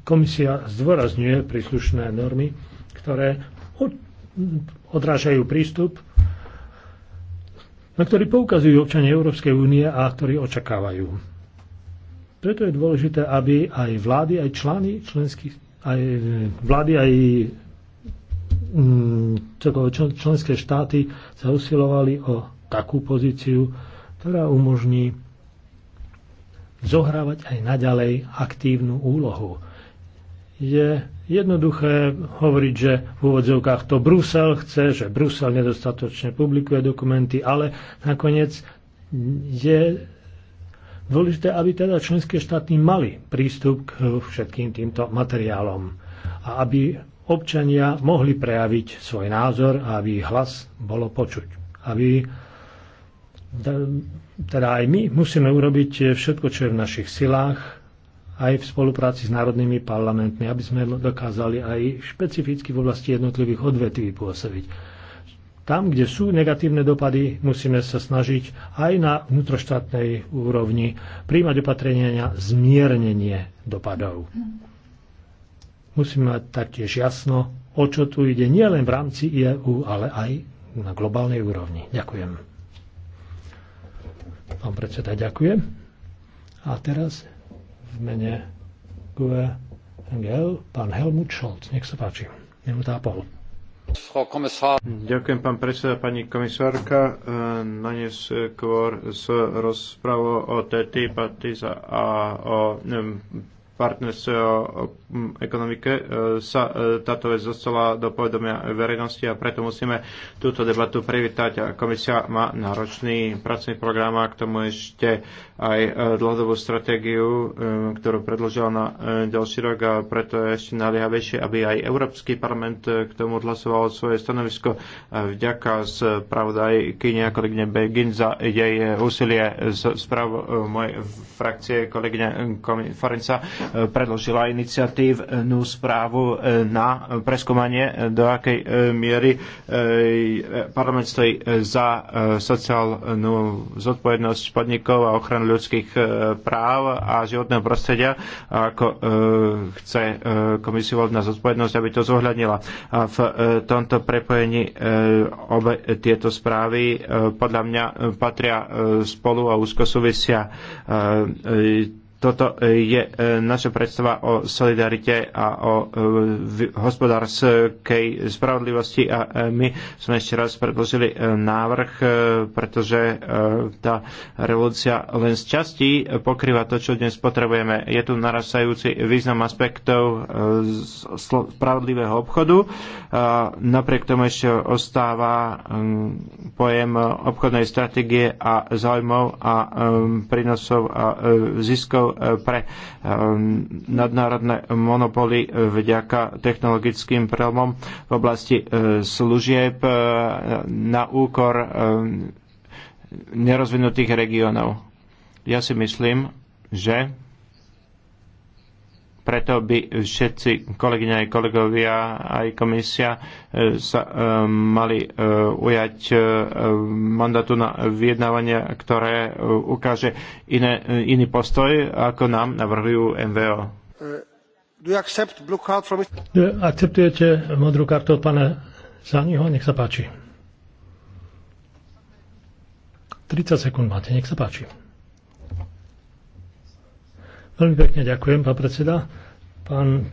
komisia zdôrazňuje príslušné normy, ktoré odrážajú prístup, na ktorý poukazujú občania Európskej únie a ktorí očakávajú. Preto je dôležité, aby aj vlády, aj člány členských, aj eh, vlády, aj mm, členské štáty sa usilovali o takú pozíciu, ktorá umožní zohrávať aj naďalej aktívnu úlohu. Je jednoduché hovoriť, že v úvodzovkách to Brusel chce, že Brusel nedostatočne publikuje dokumenty, ale nakoniec je dôležité, aby teda členské štáty mali prístup k všetkým týmto materiálom a aby občania mohli prejaviť svoj názor a aby hlas bolo počuť. Aby teda aj my musíme urobiť všetko, čo je v našich silách, aj v spolupráci s národnými parlamentmi, aby sme dokázali aj špecificky v oblasti jednotlivých odvetví pôsobiť. Tam, kde sú negatívne dopady, musíme sa snažiť aj na vnútroštátnej úrovni príjmať opatrenia na zmiernenie dopadov. Musíme mať taktiež jasno, o čo tu ide nielen v rámci EU, ale aj na globálnej úrovni. Ďakujem. Pán predseda, ďakujem. A teraz v mene GUE NGL pán Helmut Scholz. Nech sa páči. Minúta a pol. Ďakujem, pán predseda, pani komisárka. na e, Nanes skôr s rozprávou o TTIP a o e, partnerstve o ekonomike e, sa e, táto vec dostala do povedomia verejnosti a preto musíme túto debatu privítať. Komisia má náročný pracovný program a k tomu ešte aj e, dlhodobú stratégiu, e, ktorú predložila na e, ďalší rok a preto je ešte naliehavejšie, aby aj Európsky parlament k tomu odhlasoval svoje stanovisko. Vďaka Kine a kolegyne Begin za jej úsilie z správ mojej frakcie kolegyne Forenca predložila iniciatívnu správu na preskúmanie, do akej miery parlament stojí za sociálnu zodpovednosť podnikov a ochranu ľudských e, práv a životného prostredia, ako e, chce e, komisiu voľná zodpovednosť, aby to zohľadnila. A v tomto prepojení obe tieto správy podľa mňa patria spolu a úzko súvisia toto e, je e, naša predstava o solidarite a o e, hospodárskej spravodlivosti a my sme ešte raz predložili návrh, pretože tá revolúcia len z časti pokrýva to, čo dnes potrebujeme. Je tu narastajúci význam aspektov spravodlivého obchodu. Napriek tomu ešte ostáva pojem obchodnej stratégie a záujmov a prínosov a ziskov pre eh, nadnárodné monopoly vďaka technologickým prelomom v oblasti eh, služieb eh, na úkor nerozvinutých regiónov. Ja si myslím, že preto by všetci kolegyňa aj kolegovia, aj komisia e, sa e, mali e, ujať mandátu na vyjednávanie, ktoré ukáže iné, iný postoj, ako nám navrhujú MVO. From... Akceptujete modrú kartu od pána Zaniho? Nech sa páči. 30 sekúnd máte, nech sa páči. Veľmi pekne ďakujem, pán predseda. Pán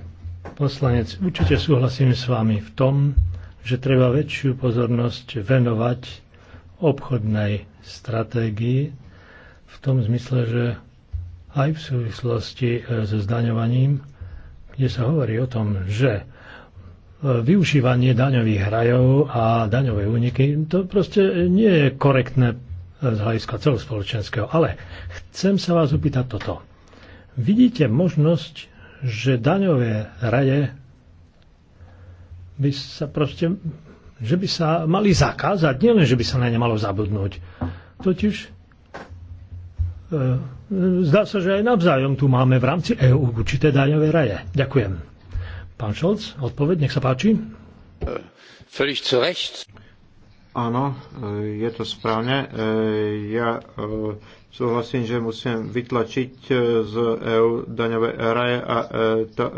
poslanec, určite súhlasím s vami v tom, že treba väčšiu pozornosť venovať obchodnej stratégii v tom zmysle, že aj v súvislosti e, so zdaňovaním, kde sa hovorí o tom, že e, využívanie daňových hrajov a daňové úniky, to proste nie je korektné e, z hľadiska celospoločenského. Ale chcem sa vás opýtať toto vidíte možnosť, že daňové raje by sa proste, že by sa mali zakázať, nielen, že by sa na ne malo zabudnúť. Totiž e, zdá sa, že aj navzájom tu máme v rámci EU určité daňové raje. Ďakujem. Pán Šolc, odpoveď, nech sa páči. Völlig zu Recht. Áno, e, je to správne. E, ja e, súhlasím, že musím vytlačiť e, z EU daňové raje a e, to e,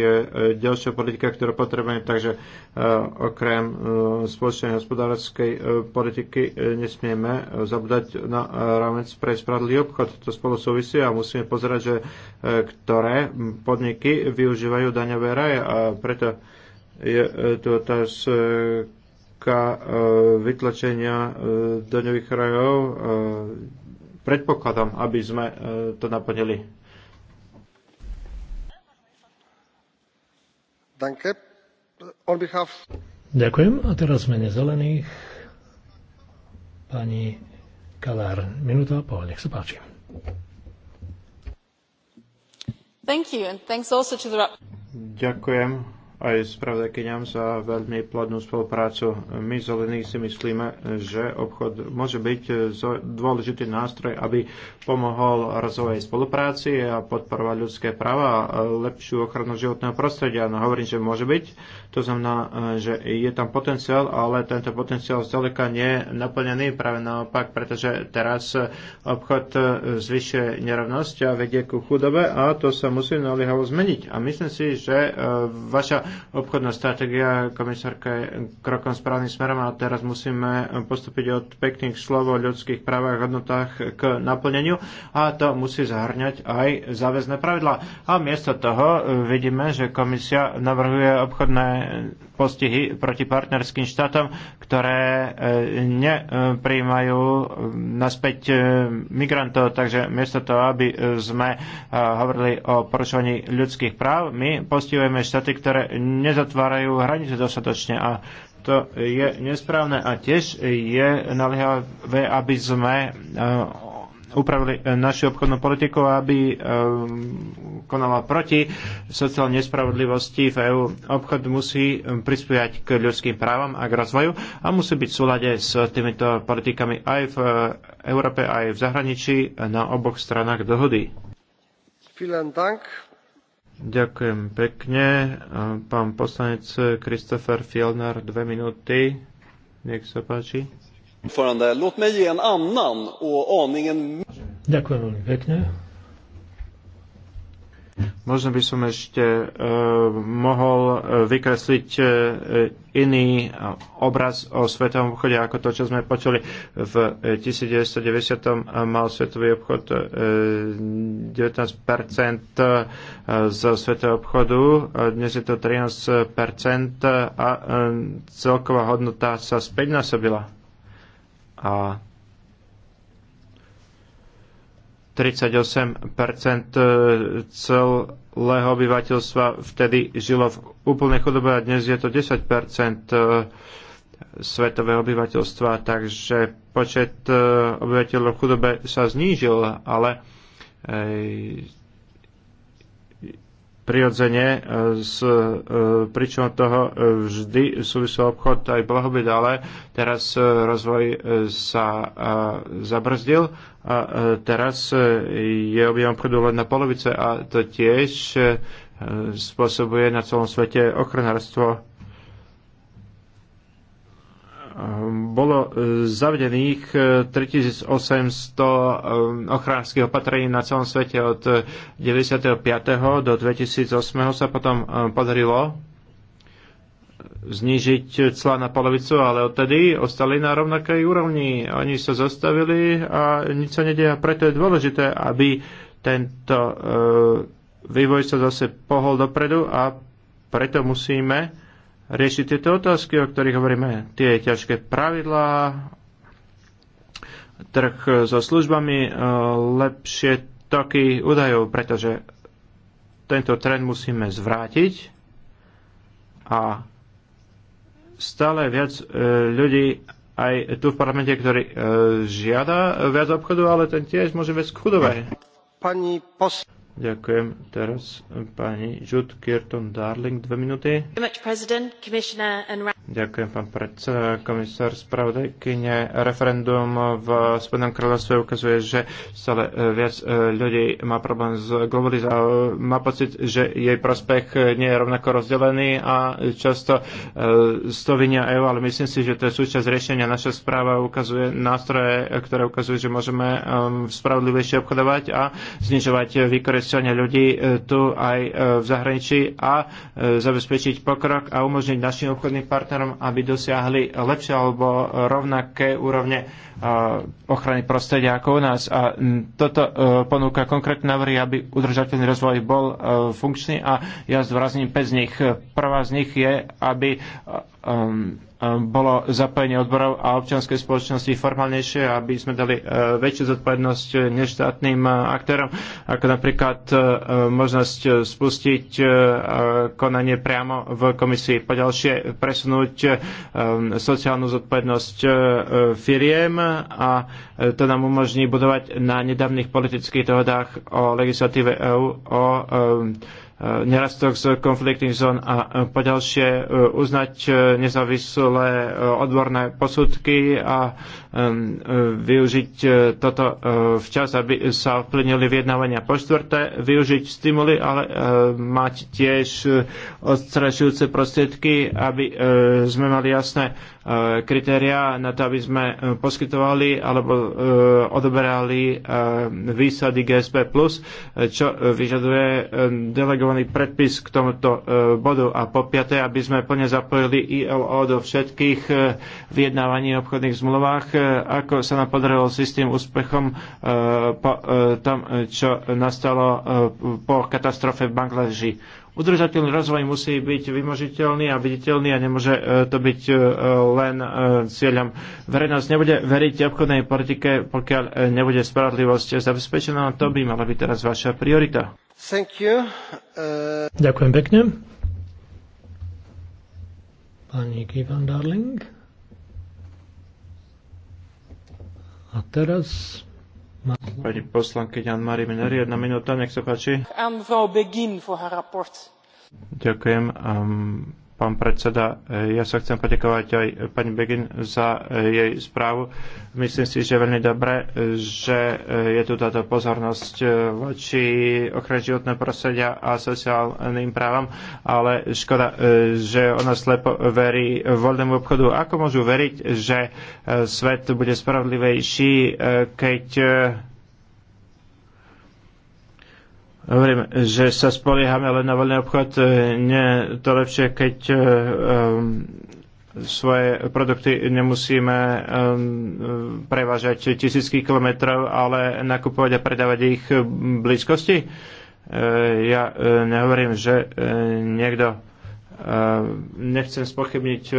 je ďalšia politika, ktorú potrebujeme, takže okrem spoločnej hospodárskej politiky nesmieme zabúdať na rámec pre spravodlivý obchod. To spolu súvisí a musíme pozerať, že ktoré podniky využívajú daňové raje a preto je tu otázka vytlačenia daňových rajov predpokladom, aby sme e, to naplnili. Ďakujem. A teraz mene zelených. Pani Kalár, minúta a pol, nech sa páči. Thank you, and thanks also to the... Ďakujem aj pravdekyňam za veľmi plodnú spoluprácu. My zelení si myslíme, že obchod môže byť dôležitý nástroj, aby pomohol rozvojej spolupráci a podporovať ľudské práva a lepšiu ochranu životného prostredia. No hovorím, že môže byť. To znamená, že je tam potenciál, ale tento potenciál zďaleka nie je naplnený, práve naopak, pretože teraz obchod zvyšuje nerovnosť a vedie ku chudobe a to sa musí naliehavo zmeniť. A myslím si, že vaša obchodná stratégia komisárka je krokom správnym smerom a teraz musíme postúpiť od pekných slov o ľudských právach, hodnotách k naplneniu a to musí zahrňať aj záväzné pravidlá. A miesto toho e, vidíme, že komisia navrhuje obchodné postihy proti partnerským štátom, ktoré e, neprijímajú e, naspäť migrantov, takže miesto toho, aby sme hovorili o porušovaní ľudských práv, my postihujeme štáty, ktoré nezatvárajú hranice dostatočne a to je nesprávne a tiež je naliehavé, aby sme e, upravili našu obchodnú politiku, aby e, konala proti sociálnej nespravodlivosti v EÚ. Obchod musí e, prispievať k ľudským právam a k rozvoju a musí byť v súlade s týmito politikami aj v Európe, aj v zahraničí na oboch stranách dohody. Vielen Dank. Ďakujem pekne. Pán poslanec Christopher Fielner, dve minúty. Nech sa páči. Ďakujem veľmi pekne. Možno by som ešte e, mohol e, vykresliť e, iný obraz o svetovom obchode ako to, čo sme počuli. V 1990. E, mal svetový obchod e, 19% e, z svetového obchodu, dnes je to 13% a celková hodnota sa späť nasobila. A 38 e, celého obyvateľstva vtedy žilo v úplnej chudobe a dnes je to 10 e, svetového obyvateľstva, takže počet e, obyvateľov v chudobe sa znížil, ale prirodzene e, s e, príčinou toho e, vždy súvisel obchod aj blahobyt, ale teraz rozvoj sa zabrzdil a teraz je objem obchodu len na polovice a to tiež spôsobuje na celom svete ochranárstvo bolo e, zavedených 3800 e, e, ochránskych opatrení na celom svete od 95. do 2008. sa potom podarilo znižiť cla na polovicu, ale odtedy ostali na rovnakej úrovni. Oni sa zastavili a nič sa nedie. Preto je dôležité, aby tento vývoj sa zase pohol dopredu a preto musíme riešiť tieto otázky, o ktorých hovoríme, tie ťažké pravidlá, trh so službami, e, lepšie toky údajov, pretože tento trend musíme zvrátiť a stále viac e, ľudí aj tu v parlamente, ktorý e, žiada viac obchodu, ale ten tiež môže viac k Pani posl- Ďakujem. Teraz pani Judd Kirton Darling, dve minúty. Ďakujem, pán predseda. Komisár spravodajkyne, referendum v Spodnom kráľovstve ukazuje, že stále e, viac e, ľudí má problém s globalizáciou, má pocit, že jej prospech nie je rovnako rozdelený a často z e, to vinia EU, ale myslím si, že to je súčasť riešenia. Naša správa ukazuje nástroje, ktoré ukazujú, že môžeme spravodlivejšie obchodovať a znižovať vykoristovanie ľudí tu aj v zahraničí a zabezpečiť pokrok a umožniť našim obchodným partnerom partnerom, aby dosiahli lepšie alebo rovnaké úrovne e, ochrany prostredia ako u nás. A toto e, ponúka konkrétne návrhy, aby udržateľný rozvoj bol e, funkčný a ja zdôrazním 5 z nich. Prvá z nich je, aby bolo zapojenie odborov a občianskej spoločnosti formálnejšie, aby sme dali e, väčšiu zodpovednosť neštátnym e, aktérom, ako napríklad e, možnosť spustiť konanie priamo v komisii. Poďalšie presunúť sociálnu zodpovednosť firiem a to nám umožní budovať na nedávnych politických dohodách o legislatíve EÚ o nerastok z konfliktných zón a e, poďalšie e, uznať e, nezávislé odborné posudky a využiť toto včas, aby sa vplynili vyjednávania. Po štvrté, využiť stimuly, ale mať tiež odstrašujúce prostriedky, aby sme mali jasné E, kritéria na to, aby sme e, poskytovali alebo e, odoberali výsady GSP+, čo vyžaduje delegovaný predpis k tomuto bodu. A po piaté, aby sme plne zapojili ILO do všetkých vyjednávaní v obchodných zmluvách, ako sa nám podarilo s tým úspechom po tom, čo nastalo po katastrofe v Bangladeži. Udržateľný rozvoj musí byť vymožiteľný a viditeľný a nemôže e, to byť e, len e, cieľom. Verejnosť nebude veriť obchodnej politike, pokiaľ nebude spravodlivosť zabezpečená. To by mala byť teraz vaša priorita. Thank you. Uh... Ďakujem pekne. Pani Kivan Darling. A teraz Pani poslanky Jan Mari Mineri, jedna minúta, nech sa páči. Ďakujem. Um, pán predseda. Eh, ja sa chcem poďakovať aj pani Begin za eh, jej správu. Myslím si, že je veľmi dobré, eh, že je tu táto pozornosť voči ochrane životného prostredia a sociálnym právam, ale škoda, že ona slepo verí voľnému obchodu. Ako môžu veriť, že svet bude spravodlivejší, keď Hovorím, že sa spoliehame len na voľný obchod. E, nie to lepšie, keď e, e, svoje produkty nemusíme prevážať tisícky kilometrov, ale nakupovať a predávať ich blízkosti. blízkosti. Ja nehovorím, že niekto nechcem spochybniť e,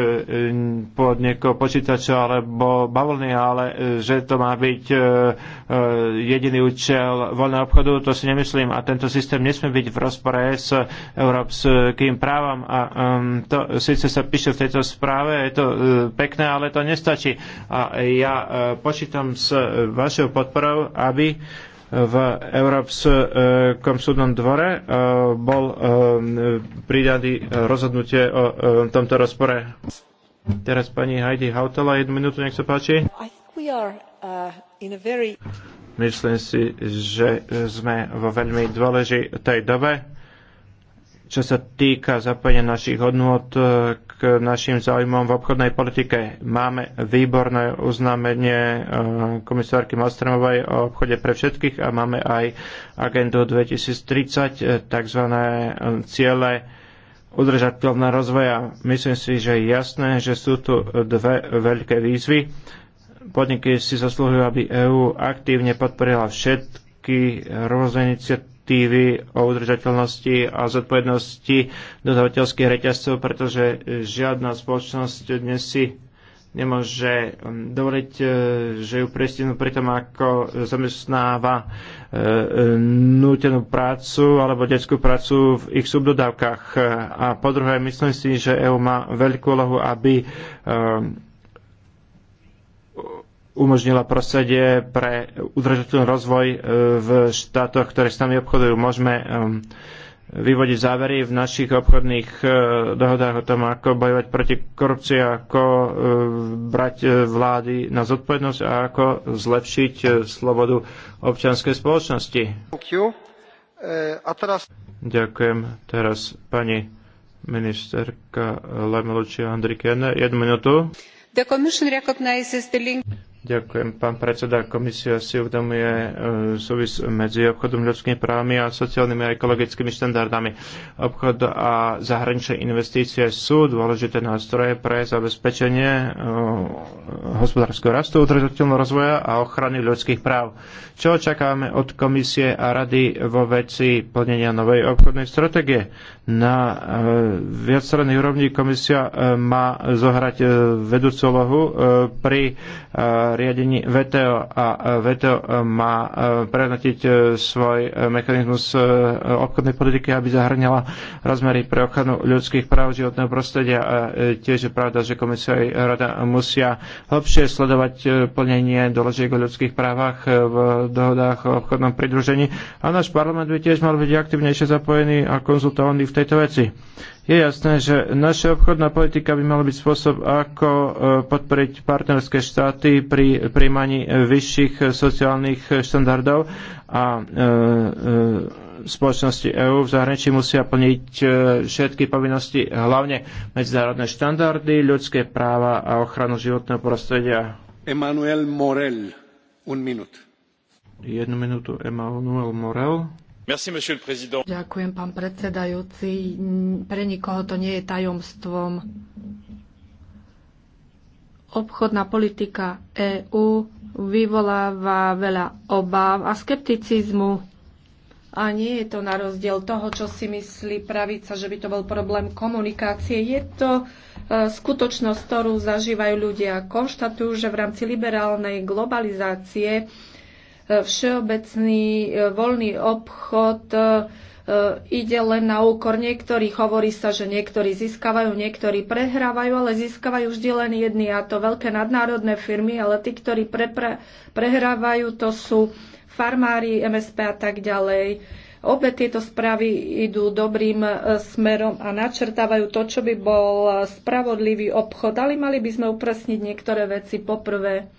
pod niekoho počítača alebo bavlny, ale e, že to má byť e, jediný účel voľného obchodu, to si nemyslím. A tento systém nesmie byť v rozpore s európskym právom. A to síce sa píše v tejto správe, je to pekné, ale to nestačí. A ja počítam s vašou podporou, aby v Európskom súdnom dvore e, bol e, pridaný rozhodnutie o e, tomto rozpore. Teraz pani Heidi Hautala, jednu minútu, nech sa páči. Uh, Myslím si, že sme vo veľmi dôležitej dobe, čo sa týka zapojenia našich hodnot k k našim záujmom v obchodnej politike. Máme výborné uznámenie eh, komisárky Malstromovej o obchode pre všetkých a máme aj agendu 2030, tzv. Eh, eh, ciele udržateľná rozvoja. Myslím si, že je jasné, že sú tu dve veľké výzvy. Podniky si zaslúhujú, aby EÚ aktívne podporila všetky rôzne iniciatívy direktívy o udržateľnosti a zodpovednosti dodavateľských reťazcov, pretože eh, žiadna spoločnosť dnes si nemôže hm, dovoliť, eh, že ju prestinú pri tom, ako zamestnáva eh, nútenú prácu alebo detskú prácu v ich subdodávkach. A po druhé, myslím si, že EU má veľkú úlohu, aby hm, umožnila prostredie pre udržateľný rozvoj e, v štátoch, ktoré s nami obchodujú. Môžeme e, vyvodiť závery v našich obchodných e, dohodách o tom, ako bojovať proti korupcii, ako brať vlády na zodpovednosť a ako zlepšiť slobodu občianskej spoločnosti. Ďakujem. Teraz pani ministerka Lemelučia Andrikene. Jednu minútu. Ďakujem, pán predseda. Komisia si uvedomuje e, súvis medzi obchodom ľudskými právami a sociálnymi a ekologickými štandardami. Obchod a zahraničné investície sú dôležité nástroje pre zabezpečenie e, hospodárskeho rastu, udržateľného rozvoja a ochrany ľudských práv. Čo očakávame od komisie a rady vo veci plnenia novej obchodnej stratégie? Na e, viacstranných úrovni komisia má zohrať vedúcu úlohu pri riadení VTO a e, VTO e, má e, prenotiť svoj mechanizmus obchodnej politiky, aby zahrňala rozmery pre ochranu ľudských práv životného prostredia a tiež je pravda, že komisia aj rada musia hlbšie sledovať plnenie doložiek o ľudských právach v dohodách o obchodnom pridružení a náš parlament by tiež mal byť aktívnejšie zapojený a konzultovaný v tejto veci. Je jasné, že naša obchodná politika by mala byť spôsob, ako e, podporiť partnerské štáty pri príjmaní e, vyšších e, sociálnych štandardov a spoločnosti EÚ v zahraničí musia plniť všetky povinnosti, hlavne medzinárodné štandardy, ľudské práva a ochranu životného prostredia. Emmanuel Morel, un minút. Jednu minútu Emanuel Morel. Ďakujem, pán predsedajúci. Pre nikoho to nie je tajomstvom. Obchodná politika EÚ vyvoláva veľa obáv a skepticizmu. A nie je to na rozdiel toho, čo si myslí pravica, že by to bol problém komunikácie. Je to e, skutočnosť, ktorú zažívajú ľudia. Konštatujú, že v rámci liberálnej globalizácie všeobecný e, voľný obchod e, e, ide len na úkor niektorých. Hovorí sa, že niektorí získavajú, niektorí prehrávajú, ale získavajú vždy len jedni a to veľké nadnárodné firmy, ale tí, ktorí pre, pre, prehrávajú, to sú farmári, MSP a tak ďalej. Obe tieto správy idú dobrým smerom a načrtávajú to, čo by bol spravodlivý obchod, ale mali by sme upresniť niektoré veci. Poprvé,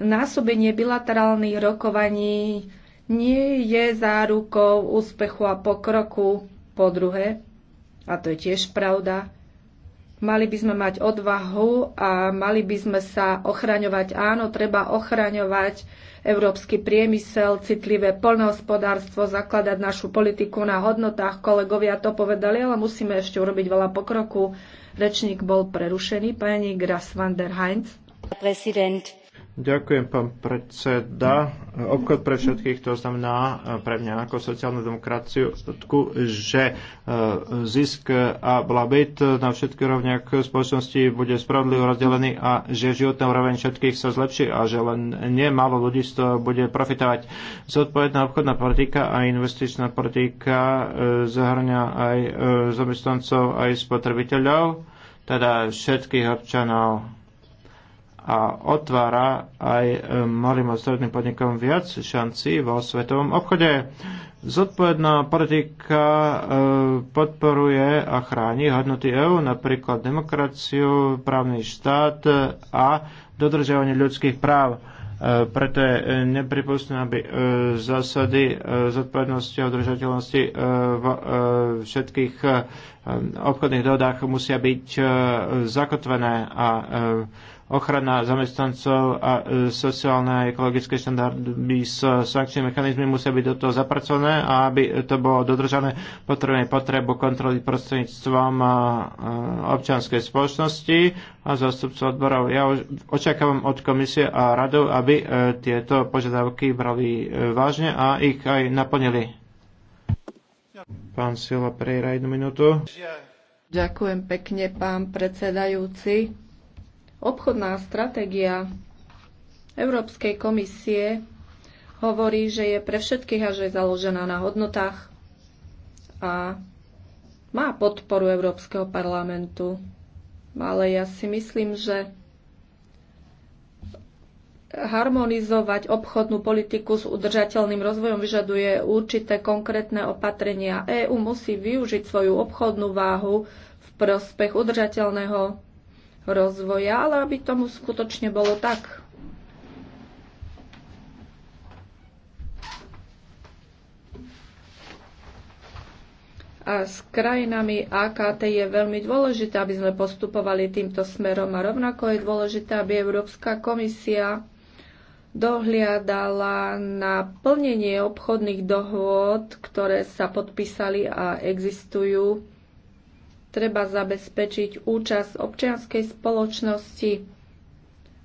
násobenie bilaterálnych rokovaní nie je zárukou úspechu a pokroku. Po druhé, a to je tiež pravda, mali by sme mať odvahu a mali by sme sa ochraňovať. Áno, treba ochraňovať európsky priemysel, citlivé poľnohospodárstvo, zakladať našu politiku na hodnotách. Kolegovia to povedali, ale musíme ešte urobiť veľa pokroku. Rečník bol prerušený. Pani Gras van der Heinz. Prezident. Ďakujem, pán predseda. Obchod pre všetkých, to znamená eh, pre mňa ako sociálnu demokraciu, že eh, zisk a blabit na všetky rovniach spoločnosti bude spravodlivo rozdelený a že životná úroveň všetkých sa zlepší a že len nie málo ľudí z toho bude profitovať. Zodpovedná obchodná politika a investičná politika eh, zahrňa aj zamestnancov, aj spotrebiteľov, teda všetkých občanov a otvára aj e, malým a stredným podnikom viac šancí vo svetovom obchode. Zodpovedná politika e, podporuje a chráni hodnoty EÚ, napríklad demokraciu, právny štát a dodržiavanie ľudských práv. E, preto je nepripustné, aby zásady zodpovednosti a udržateľnosti v všetkých obchodných dohodách musia byť zakotvené a ochrana zamestnancov a e, sociálne a ekologické štandardy s sankčnými mechanizmy musia byť do toho zapracované a aby to bolo dodržané, potrebujeme potrebu kontroly prostredníctvom e, e, občianskej spoločnosti a zástupcov odborov. Ja očakávam od komisie a radov, aby tieto požiadavky brali vážne a ich aj naplnili. Pán silo Prejra, jednu minútu. Ďakujem pekne, pán predsedajúci Obchodná stratégia Európskej komisie hovorí, že je pre všetkých a že je založená na hodnotách a má podporu Európskeho parlamentu. Ale ja si myslím, že harmonizovať obchodnú politiku s udržateľným rozvojom vyžaduje určité konkrétne opatrenia. EÚ musí využiť svoju obchodnú váhu v prospech udržateľného rozvoja, ale aby tomu skutočne bolo tak. A s krajinami AKT je veľmi dôležité, aby sme postupovali týmto smerom a rovnako je dôležité, aby Európska komisia dohliadala na plnenie obchodných dohôd, ktoré sa podpísali a existujú treba zabezpečiť účasť občianskej spoločnosti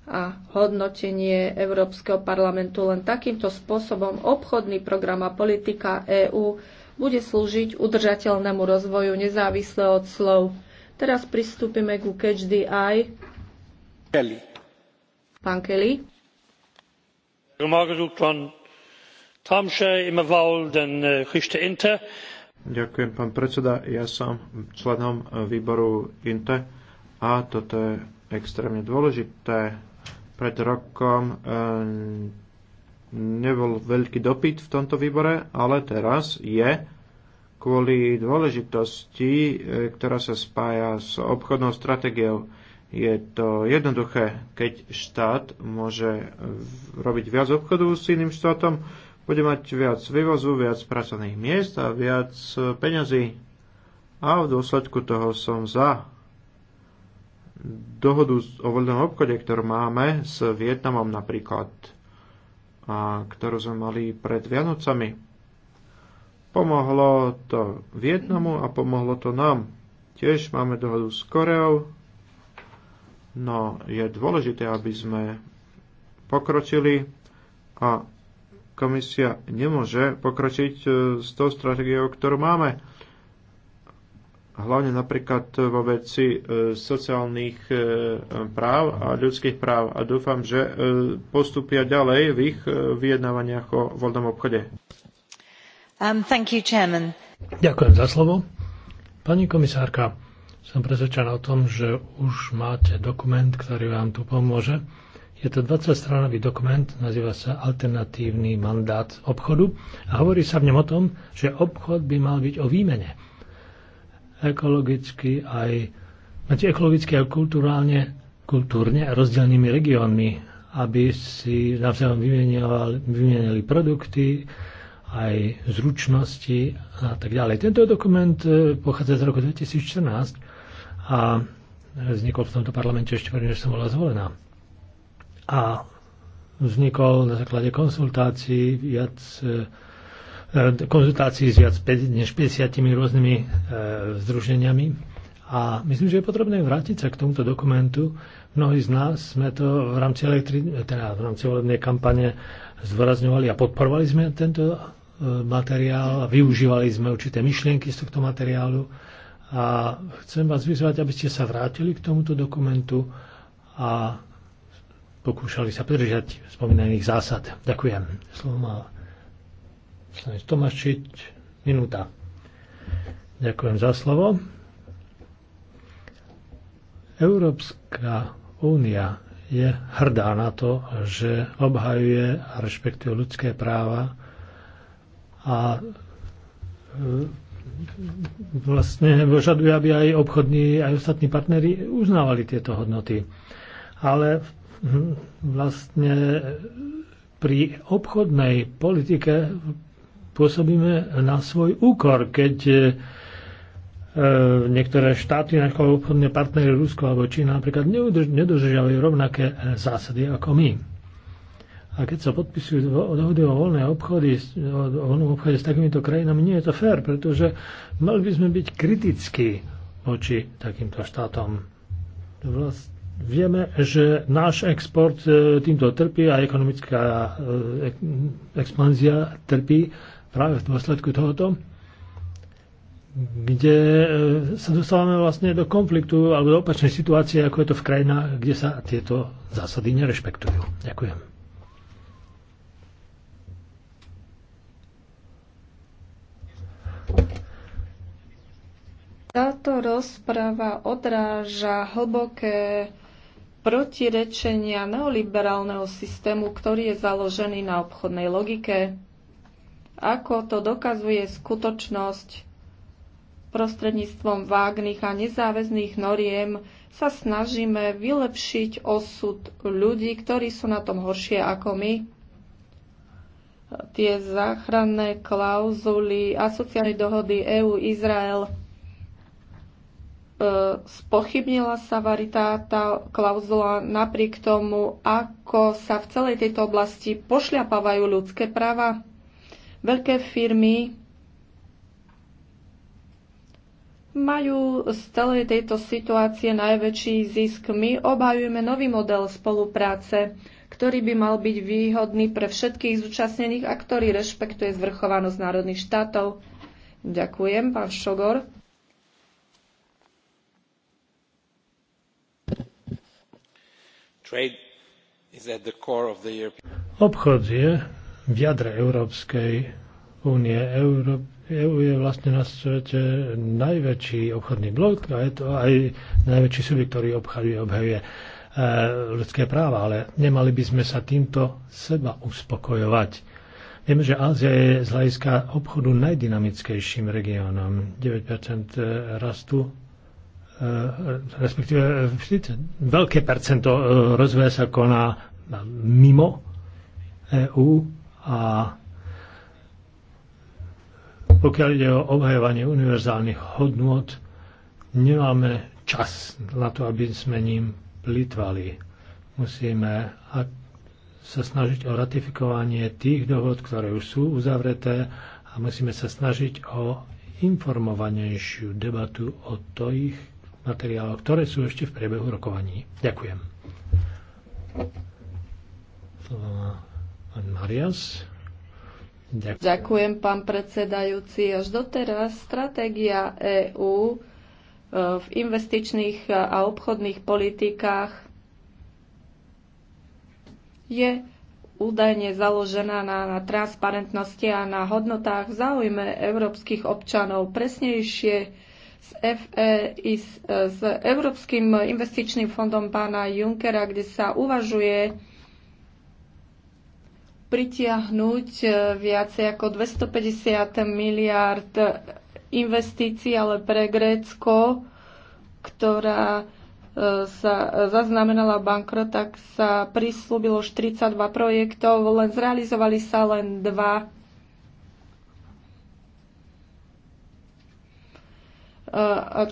a hodnotenie Európskeho parlamentu. Len takýmto spôsobom obchodný program a politika EÚ bude slúžiť udržateľnému rozvoju nezávisle od slov. Teraz pristúpime ku Catch the Eye. Kelly. Pán Kelly. Tom sé im a den inte Ďakujem, pán predseda. Ja som členom eh, výboru INTE a toto je extrémne dôležité. Pred rokom eh, nebol veľký dopyt v tomto výbore, ale teraz je kvôli dôležitosti, eh, ktorá sa spája s obchodnou stratégiou. Je to jednoduché, keď štát môže robiť viac obchodu s iným štátom, bude mať viac vývozu, viac pracovných miest a viac e, peňazí. A v dôsledku toho som za dohodu o voľnom obchode, ktorú máme s Vietnamom napríklad, a ktorú sme mali pred Vianocami. Pomohlo to Vietnamu a pomohlo to nám. Tiež máme dohodu s Koreou, no je dôležité, aby sme pokročili a komisia nemôže pokročiť e, s tou stratégiou, ktorú máme. Hlavne napríklad vo veci e, sociálnych e, práv a ľudských práv. A dúfam, že postupia ďalej v ich vyjednávaniach o voľnom obchode. Um, thank you, chairman. Ďakujem za slovo. Pani komisárka, som presvedčená o tom, že už máte dokument, ktorý vám tu pomôže je to 20-stranový dokument, nazýva sa Alternatívny mandát obchodu a hovorí sa v ňom o tom, že obchod by mal byť o výmene. Ekologicky aj medzi ekologicky a kulturálne, kultúrne rozdielnými regiónmi, aby si navzájom vymenili produkty, aj zručnosti a tak ďalej. Tento dokument e, pochádza z roku 2014 a vznikol v tomto parlamente ešte než som bola zvolená a vznikol na základe konzultácií viac e, e, konzultácií s viac než 50 rôznymi e, združeniami. A myslím, že je potrebné vrátiť sa k tomuto dokumentu. Mnohí z nás sme to v rámci, elektri- teda v rámci volebnej kampane zdôrazňovali a podporovali sme tento materiál a využívali sme určité myšlienky z tohto materiálu. A chcem vás vyzvať, aby ste sa vrátili k tomuto dokumentu a pokúšali sa pridržať spomínaných zásad. Ďakujem. Slovo má poslanec Tomašič. Minúta. Ďakujem za slovo. Európska únia je hrdá na to, že obhajuje a rešpektuje ľudské práva a e, vlastne požaduje, aby aj obchodní, aj ostatní partnery uznávali tieto hodnoty. Ale v vlastne pri obchodnej politike pôsobíme na svoj úkor, keď e, niektoré štáty, ako obchodné partnery Rusko alebo Čína napríklad nedodržiavajú rovnaké e, zásady ako my. A keď sa podpisujú dohody o voľné obchody, o voľnom obchode s takýmito krajinami, nie je to fér, pretože mali by sme byť kritickí voči takýmto štátom. Vlast, Vieme, že náš export e, týmto trpí a ekonomická e, expanzia trpí práve v dôsledku tohoto kde e, sa dostávame vlastne do konfliktu alebo do opačnej situácie, ako je to v krajinách, kde sa tieto zásady nerešpektujú. Ďakujem. Táto rozprava odráža hlboké protirečenia neoliberálneho systému, ktorý je založený na obchodnej logike. Ako to dokazuje skutočnosť, prostredníctvom vágnych a nezáväzných noriem sa snažíme vylepšiť osud ľudí, ktorí sú na tom horšie ako my. Tie záchranné klauzuly a sociálne dohody EU-Izrael spochybnila sa varitá tá klauzula napriek tomu, ako sa v celej tejto oblasti pošľapávajú ľudské práva. Veľké firmy majú z celej tejto situácie najväčší zisk. My obhajujeme nový model spolupráce, ktorý by mal byť výhodný pre všetkých zúčastnených a ktorý rešpektuje zvrchovanosť národných štátov. Ďakujem, pán Šogor. Obchod je v jadre Európskej únie. EU e je vlastne na svete najväčší obchodný blok a je to aj najväčší subjekt, ktorý obchaduje, obhajuje e, ľudské práva, ale nemali by sme sa týmto seba uspokojovať. Vieme, že Ázia je z hľadiska obchodu najdynamickejším regiónom. 9 e, rastu Eh, respektíve eh, veľké percento eh, rozvoja sa koná mimo EÚ a pokiaľ ide o obhajovanie univerzálnych hodnôt, nemáme čas na to, aby sme ním plitvali. Musíme sa snažiť o ratifikovanie tých dohod, ktoré už sú uzavreté a musíme sa snažiť o informovanejšiu debatu o tých, materiáloch, ktoré sú ešte v priebehu rokovaní. Ďakujem. Slovo má pán Marias. Ďakujem. Ďakujem, pán predsedajúci. Až doteraz stratégia EÚ e, v investičných a obchodných politikách je údajne založená na, na transparentnosti a na hodnotách v záujme európskych občanov. Presnejšie s, FE, s, s Európskym investičným fondom pána Junckera, kde sa uvažuje pritiahnuť e, viacej ako 250 miliard investícií, ale pre Grécko, ktorá e, sa zaznamenala bankrot, tak sa prislúbilo 42 projektov, len zrealizovali sa len dva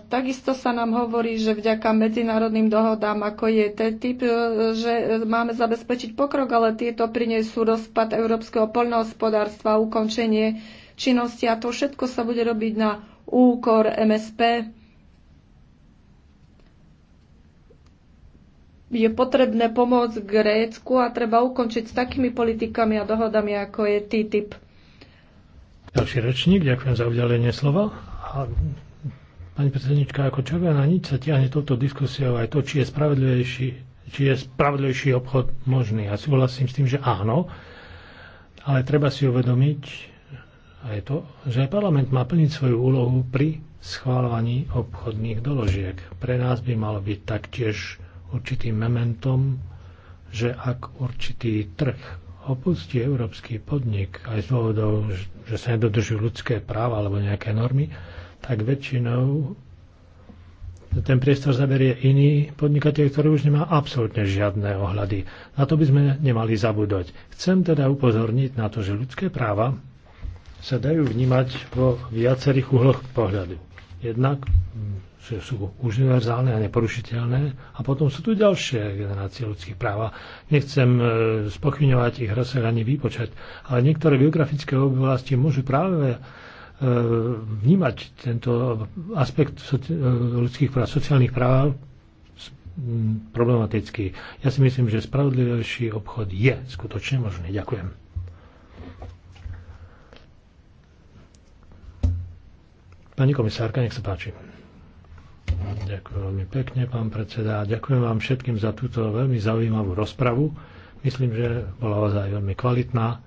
Takisto sa nám hovorí, že vďaka medzinárodným dohodám, ako je TTIP, e, že máme zabezpečiť pokrok, ale tieto prinesú rozpad európskeho poľnohospodárstva, ukončenie činnosti a to všetko sa bude robiť na úkor MSP. Je potrebné pomôcť Grécku a treba ukončiť s takými politikami a dohodami, ako je TTIP. Ďalší rečník, ďakujem za udelenie slova. A Pani predsednička, ako červená nič sa tiahne touto diskusiou aj to, či je spravedlivejší, či je spravedlivejší obchod možný. A súhlasím s tým, že áno, ale treba si uvedomiť aj to, že parlament má plniť svoju úlohu pri schváľovaní obchodných doložiek. Pre nás by malo byť taktiež určitým mementom, že ak určitý trh opustí európsky podnik aj z dôvodov, že sa nedodržujú ľudské práva alebo nejaké normy, tak väčšinou ten priestor zaberie iný podnikateľ, ktorý už nemá absolútne žiadne ohľady. Na to by sme nemali zabudoť. Chcem teda upozorniť na to, že ľudské práva sa dajú vnímať vo viacerých uhloch pohľadu. Jednak že sú univerzálne a neporušiteľné a potom sú tu ďalšie generácie ľudských práv. Nechcem e, spochyňovať ich rozsah ani výpočet, ale niektoré geografické oblasti môžu práve vnímať tento aspekt ľudských práv, sociálnych práv problematicky. Ja si myslím, že spravodlivejší obchod je skutočne možný. Ďakujem. Pani komisárka, nech sa páči. Ďakujem veľmi pekne, pán predseda. Ďakujem vám všetkým za túto veľmi zaujímavú rozpravu. Myslím, že bola ozaj veľmi kvalitná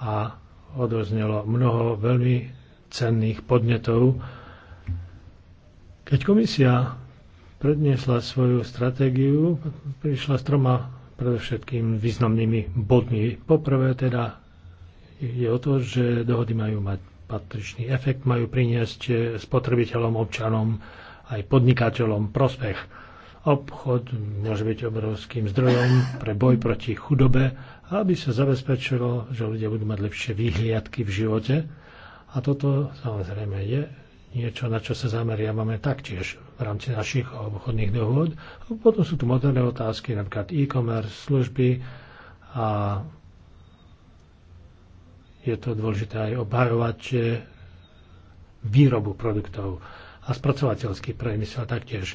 a odoznelo mnoho veľmi cenných podnetov. Keď komisia predniesla svoju stratégiu, prišla s troma predovšetkým významnými bodmi. Poprvé teda je o to, že dohody majú mať patričný efekt, majú priniesť spotrebiteľom, občanom aj podnikateľom prospech. Obchod môže byť obrovským zdrojom pre boj proti chudobe, aby sa zabezpečilo, že ľudia budú mať lepšie výhliadky v živote a toto samozrejme je niečo, na čo sa zameriavame taktiež v rámci našich obchodných dohôd. A potom sú tu moderné otázky, napríklad e-commerce, služby a je to dôležité aj obhajovať výrobu produktov a spracovateľský priemysel taktiež.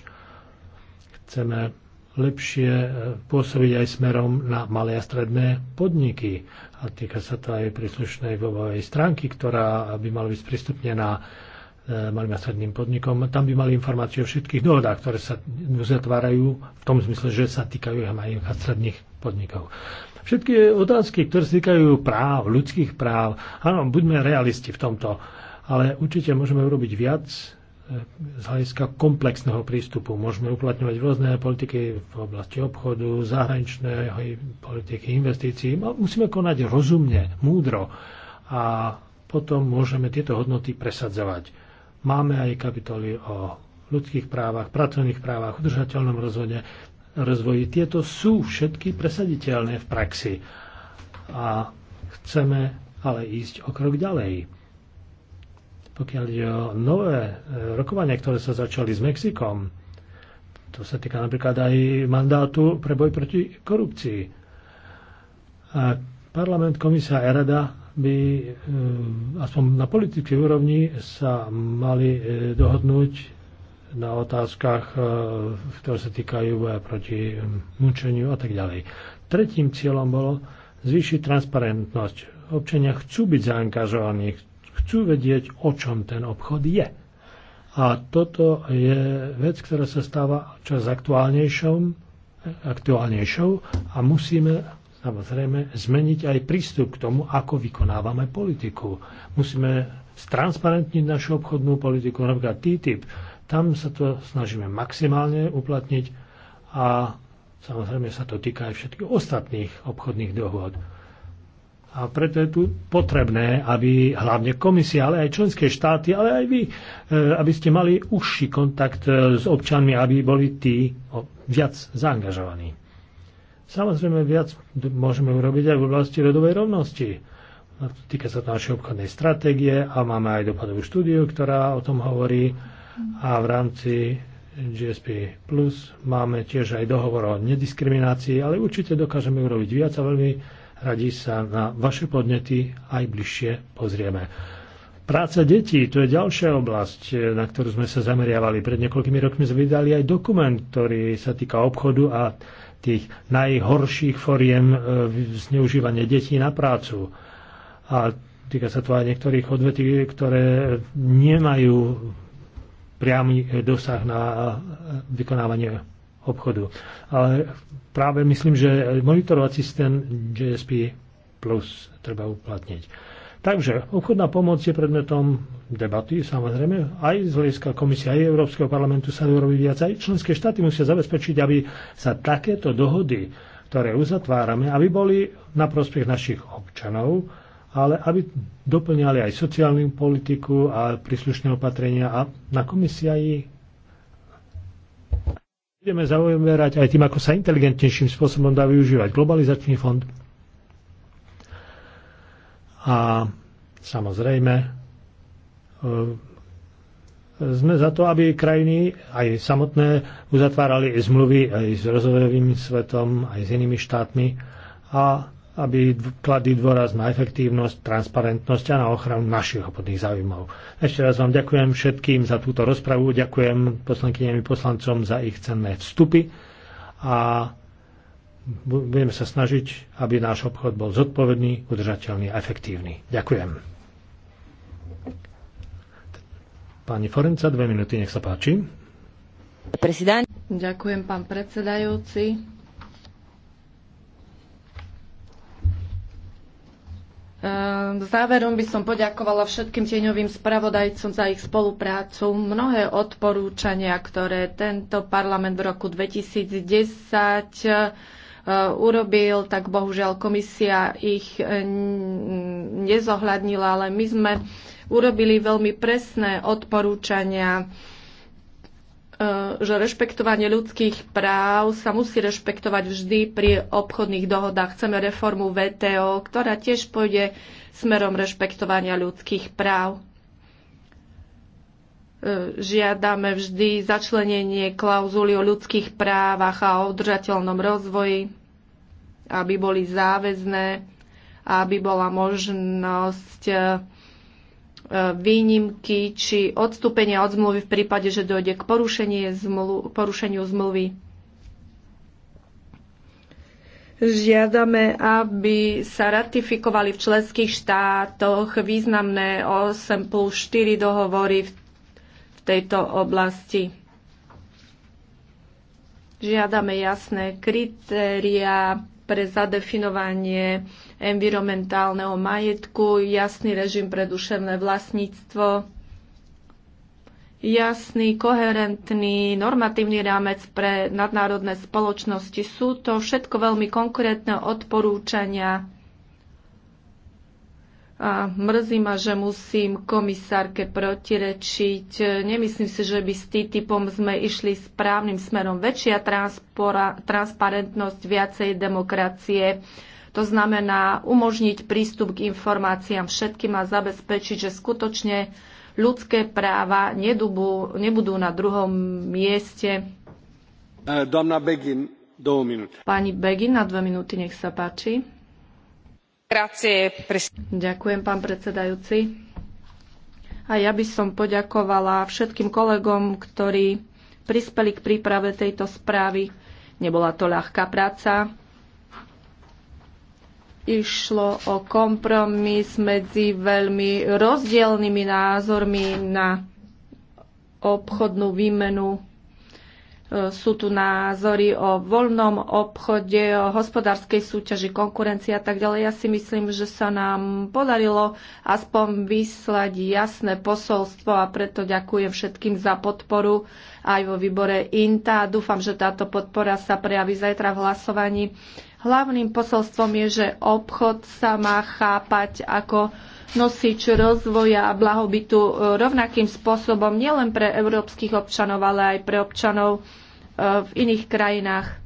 Chceme lepšie eh, pôsobiť aj smerom na malé a stredné podniky. A týka sa to aj príslušnej webovej stránky, ktorá by mala byť sprístupnená eh, malým a stredným podnikom. Tam by mali informácie o všetkých dohodách, ktoré sa uzatvárajú v tom zmysle, že sa týkajú aj malých a stredných podnikov. Všetky otázky, ktoré sa týkajú práv, ľudských práv, áno, buďme realisti v tomto, ale určite môžeme urobiť viac, z hľadiska komplexného prístupu. Môžeme uplatňovať rôzne politiky v oblasti obchodu, zahraničnej politiky, investícií. No, musíme konať rozumne, múdro a potom môžeme tieto hodnoty presadzovať. Máme aj kapitoly o ľudských právach, pracovných právach, udržateľnom rozvode, rozvoji. Tieto sú všetky presaditeľné v praxi. A chceme ale ísť o krok ďalej pokiaľ ide o nové e, rokovania, ktoré sa začali s Mexikom, to sa týka napríklad aj mandátu pre boj proti korupcii. A parlament, komisia a rada by e, aspoň na politickej úrovni sa mali e, dohodnúť na otázkach, ktoré sa týkajú boja proti mučeniu a tak ďalej. Tretím cieľom bolo zvýšiť transparentnosť. Občania chcú byť zaangažovaní, Chcú vedieť, o čom ten obchod je. A toto je vec, ktorá sa stáva čas aktuálnejšou, aktuálnejšou a musíme samozrejme zmeniť aj prístup k tomu, ako vykonávame politiku. Musíme stransparentniť našu obchodnú politiku, napríklad TTIP. Tam sa to snažíme maximálne uplatniť a samozrejme sa to týka aj všetkých ostatných obchodných dohôd. A preto je tu potrebné, aby hlavne komisia, ale aj členské štáty, ale aj vy, e, aby ste mali užší kontakt e, s občanmi, aby boli tí viac zaangažovaní. Samozrejme, viac môžeme urobiť aj v oblasti rodovej rovnosti. No, týka sa to našej obchodnej stratégie a máme aj dopadovú štúdiu, ktorá o tom hovorí. A v rámci GSP Plus máme tiež aj dohovor o nediskriminácii, ale určite dokážeme urobiť viac a veľmi radi sa na vaše podnety aj bližšie pozrieme. Práca detí, to je ďalšia oblasť, na ktorú sme sa zameriavali. Pred niekoľkými rokmi sme vydali aj dokument, ktorý sa týka obchodu a tých najhorších foriem e, zneužívania detí na prácu. A týka sa to aj niektorých odvetí, ktoré nemajú priamy dosah na e, vykonávanie obchodu. Ale práve myslím, že monitorovací systém GSP plus treba uplatniť. Takže obchodná pomoc je predmetom debaty, samozrejme, aj z hľadiska komisie, aj Európskeho parlamentu sa robí viac, aj členské štáty musia zabezpečiť, aby sa takéto dohody, ktoré uzatvárame, aby boli na prospech našich občanov, ale aby doplňali aj sociálnu politiku a príslušné opatrenia a na komisii budeme zaujímať aj tým, ako sa inteligentnejším spôsobom dá využívať globalizačný fond. A samozrejme, e, sme za to, aby krajiny aj samotné uzatvárali zmluvy aj s rozvojovým svetom, aj s inými štátmi a aby kladli dôraz na efektívnosť, transparentnosť a na ochranu našich obchodných záujmov. Ešte raz vám ďakujem všetkým za túto rozpravu, ďakujem poslankyňami poslancom za ich cenné vstupy a budeme sa snažiť, aby náš obchod bol zodpovedný, udržateľný a efektívny. Ďakujem. Pani Forenca, dve minúty, nech sa páči. Prezident. Ďakujem, pán predsedajúci. Ehm, záverom by som poďakovala všetkým tieňovým spravodajcom za ich spoluprácu. Mnohé odporúčania, ktoré tento parlament v roku 2010 ehm, urobil, tak bohužiaľ komisia ich nezohľadnila, ale my sme urobili veľmi presné odporúčania že rešpektovanie ľudských práv sa musí rešpektovať vždy pri obchodných dohodách. Chceme reformu VTO, ktorá tiež pôjde smerom rešpektovania ľudských práv. E, žiadame vždy začlenenie klauzuly o ľudských právach a o udržateľnom rozvoji, aby boli záväzné, aby bola možnosť e, E, výnimky či odstúpenia od zmluvy v prípade, že dojde k porušeniu zmluvy. Žiadame, aby sa ratifikovali v členských štátoch významné 8 plus 4 dohovory v tejto oblasti. Žiadame jasné kritéria pre zadefinovanie environmentálneho majetku, jasný režim pre duševné vlastníctvo, jasný, koherentný normatívny rámec pre nadnárodné spoločnosti. Sú to všetko veľmi konkrétne odporúčania. A mrzí ma, že musím komisárke protirečiť. Nemyslím si, že by s TTIPom sme išli správnym smerom. Väčšia transparentnosť, viacej demokracie to znamená umožniť prístup k informáciám všetkým a zabezpečiť, že skutočne ľudské práva nedubu, nebudú na druhom mieste. Eh, Begin, Pani Begin, na dve minúty, nech sa páči. Ďakujem, pán predsedajúci. A ja by som poďakovala všetkým kolegom, ktorí prispeli k príprave tejto správy. Nebola to ľahká práca, Išlo o kompromis medzi veľmi rozdielnymi názormi na obchodnú výmenu. E, sú tu názory o voľnom obchode, o hospodárskej súťaži, konkurencii a tak ďalej. Ja si myslím, že sa nám podarilo aspoň vyslať jasné posolstvo a preto ďakujem všetkým za podporu aj vo výbore INTA. Dúfam, že táto podpora sa prejaví zajtra v hlasovaní Hlavným posolstvom je, že obchod sa má chápať ako nosič rozvoja a blahobytu e, rovnakým spôsobom nielen pre európskych občanov, ale aj pre občanov e, v iných krajinách.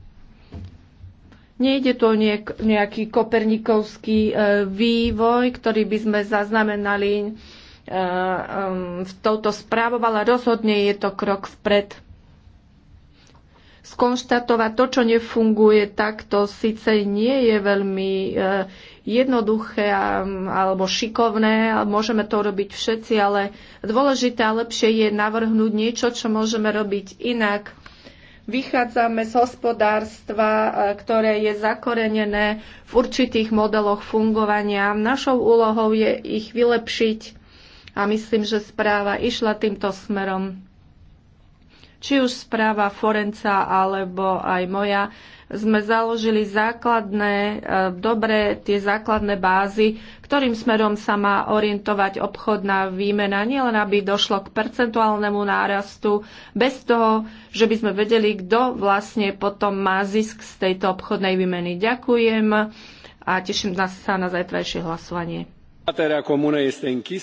Nejde tu o nejaký kopernikovský e, vývoj, ktorý by sme zaznamenali v touto správou, ale rozhodne je to krok vpred skonštatovať to, čo nefunguje takto, síce nie je veľmi eh, jednoduché alebo šikovné, môžeme to robiť všetci, ale dôležité a lepšie je navrhnúť niečo, čo môžeme robiť inak. Vychádzame z hospodárstva, eh, ktoré je zakorenené v určitých modeloch fungovania. Našou úlohou je ich vylepšiť a myslím, že správa išla týmto smerom či už správa Forenca alebo aj moja, sme založili základné, e, dobre tie základné bázy, ktorým smerom sa má orientovať obchodná výmena, nielen aby došlo k percentuálnemu nárastu, bez toho, že by sme vedeli, kto vlastne potom má zisk z tejto obchodnej výmeny. Ďakujem a teším sa na zajtrajšie hlasovanie.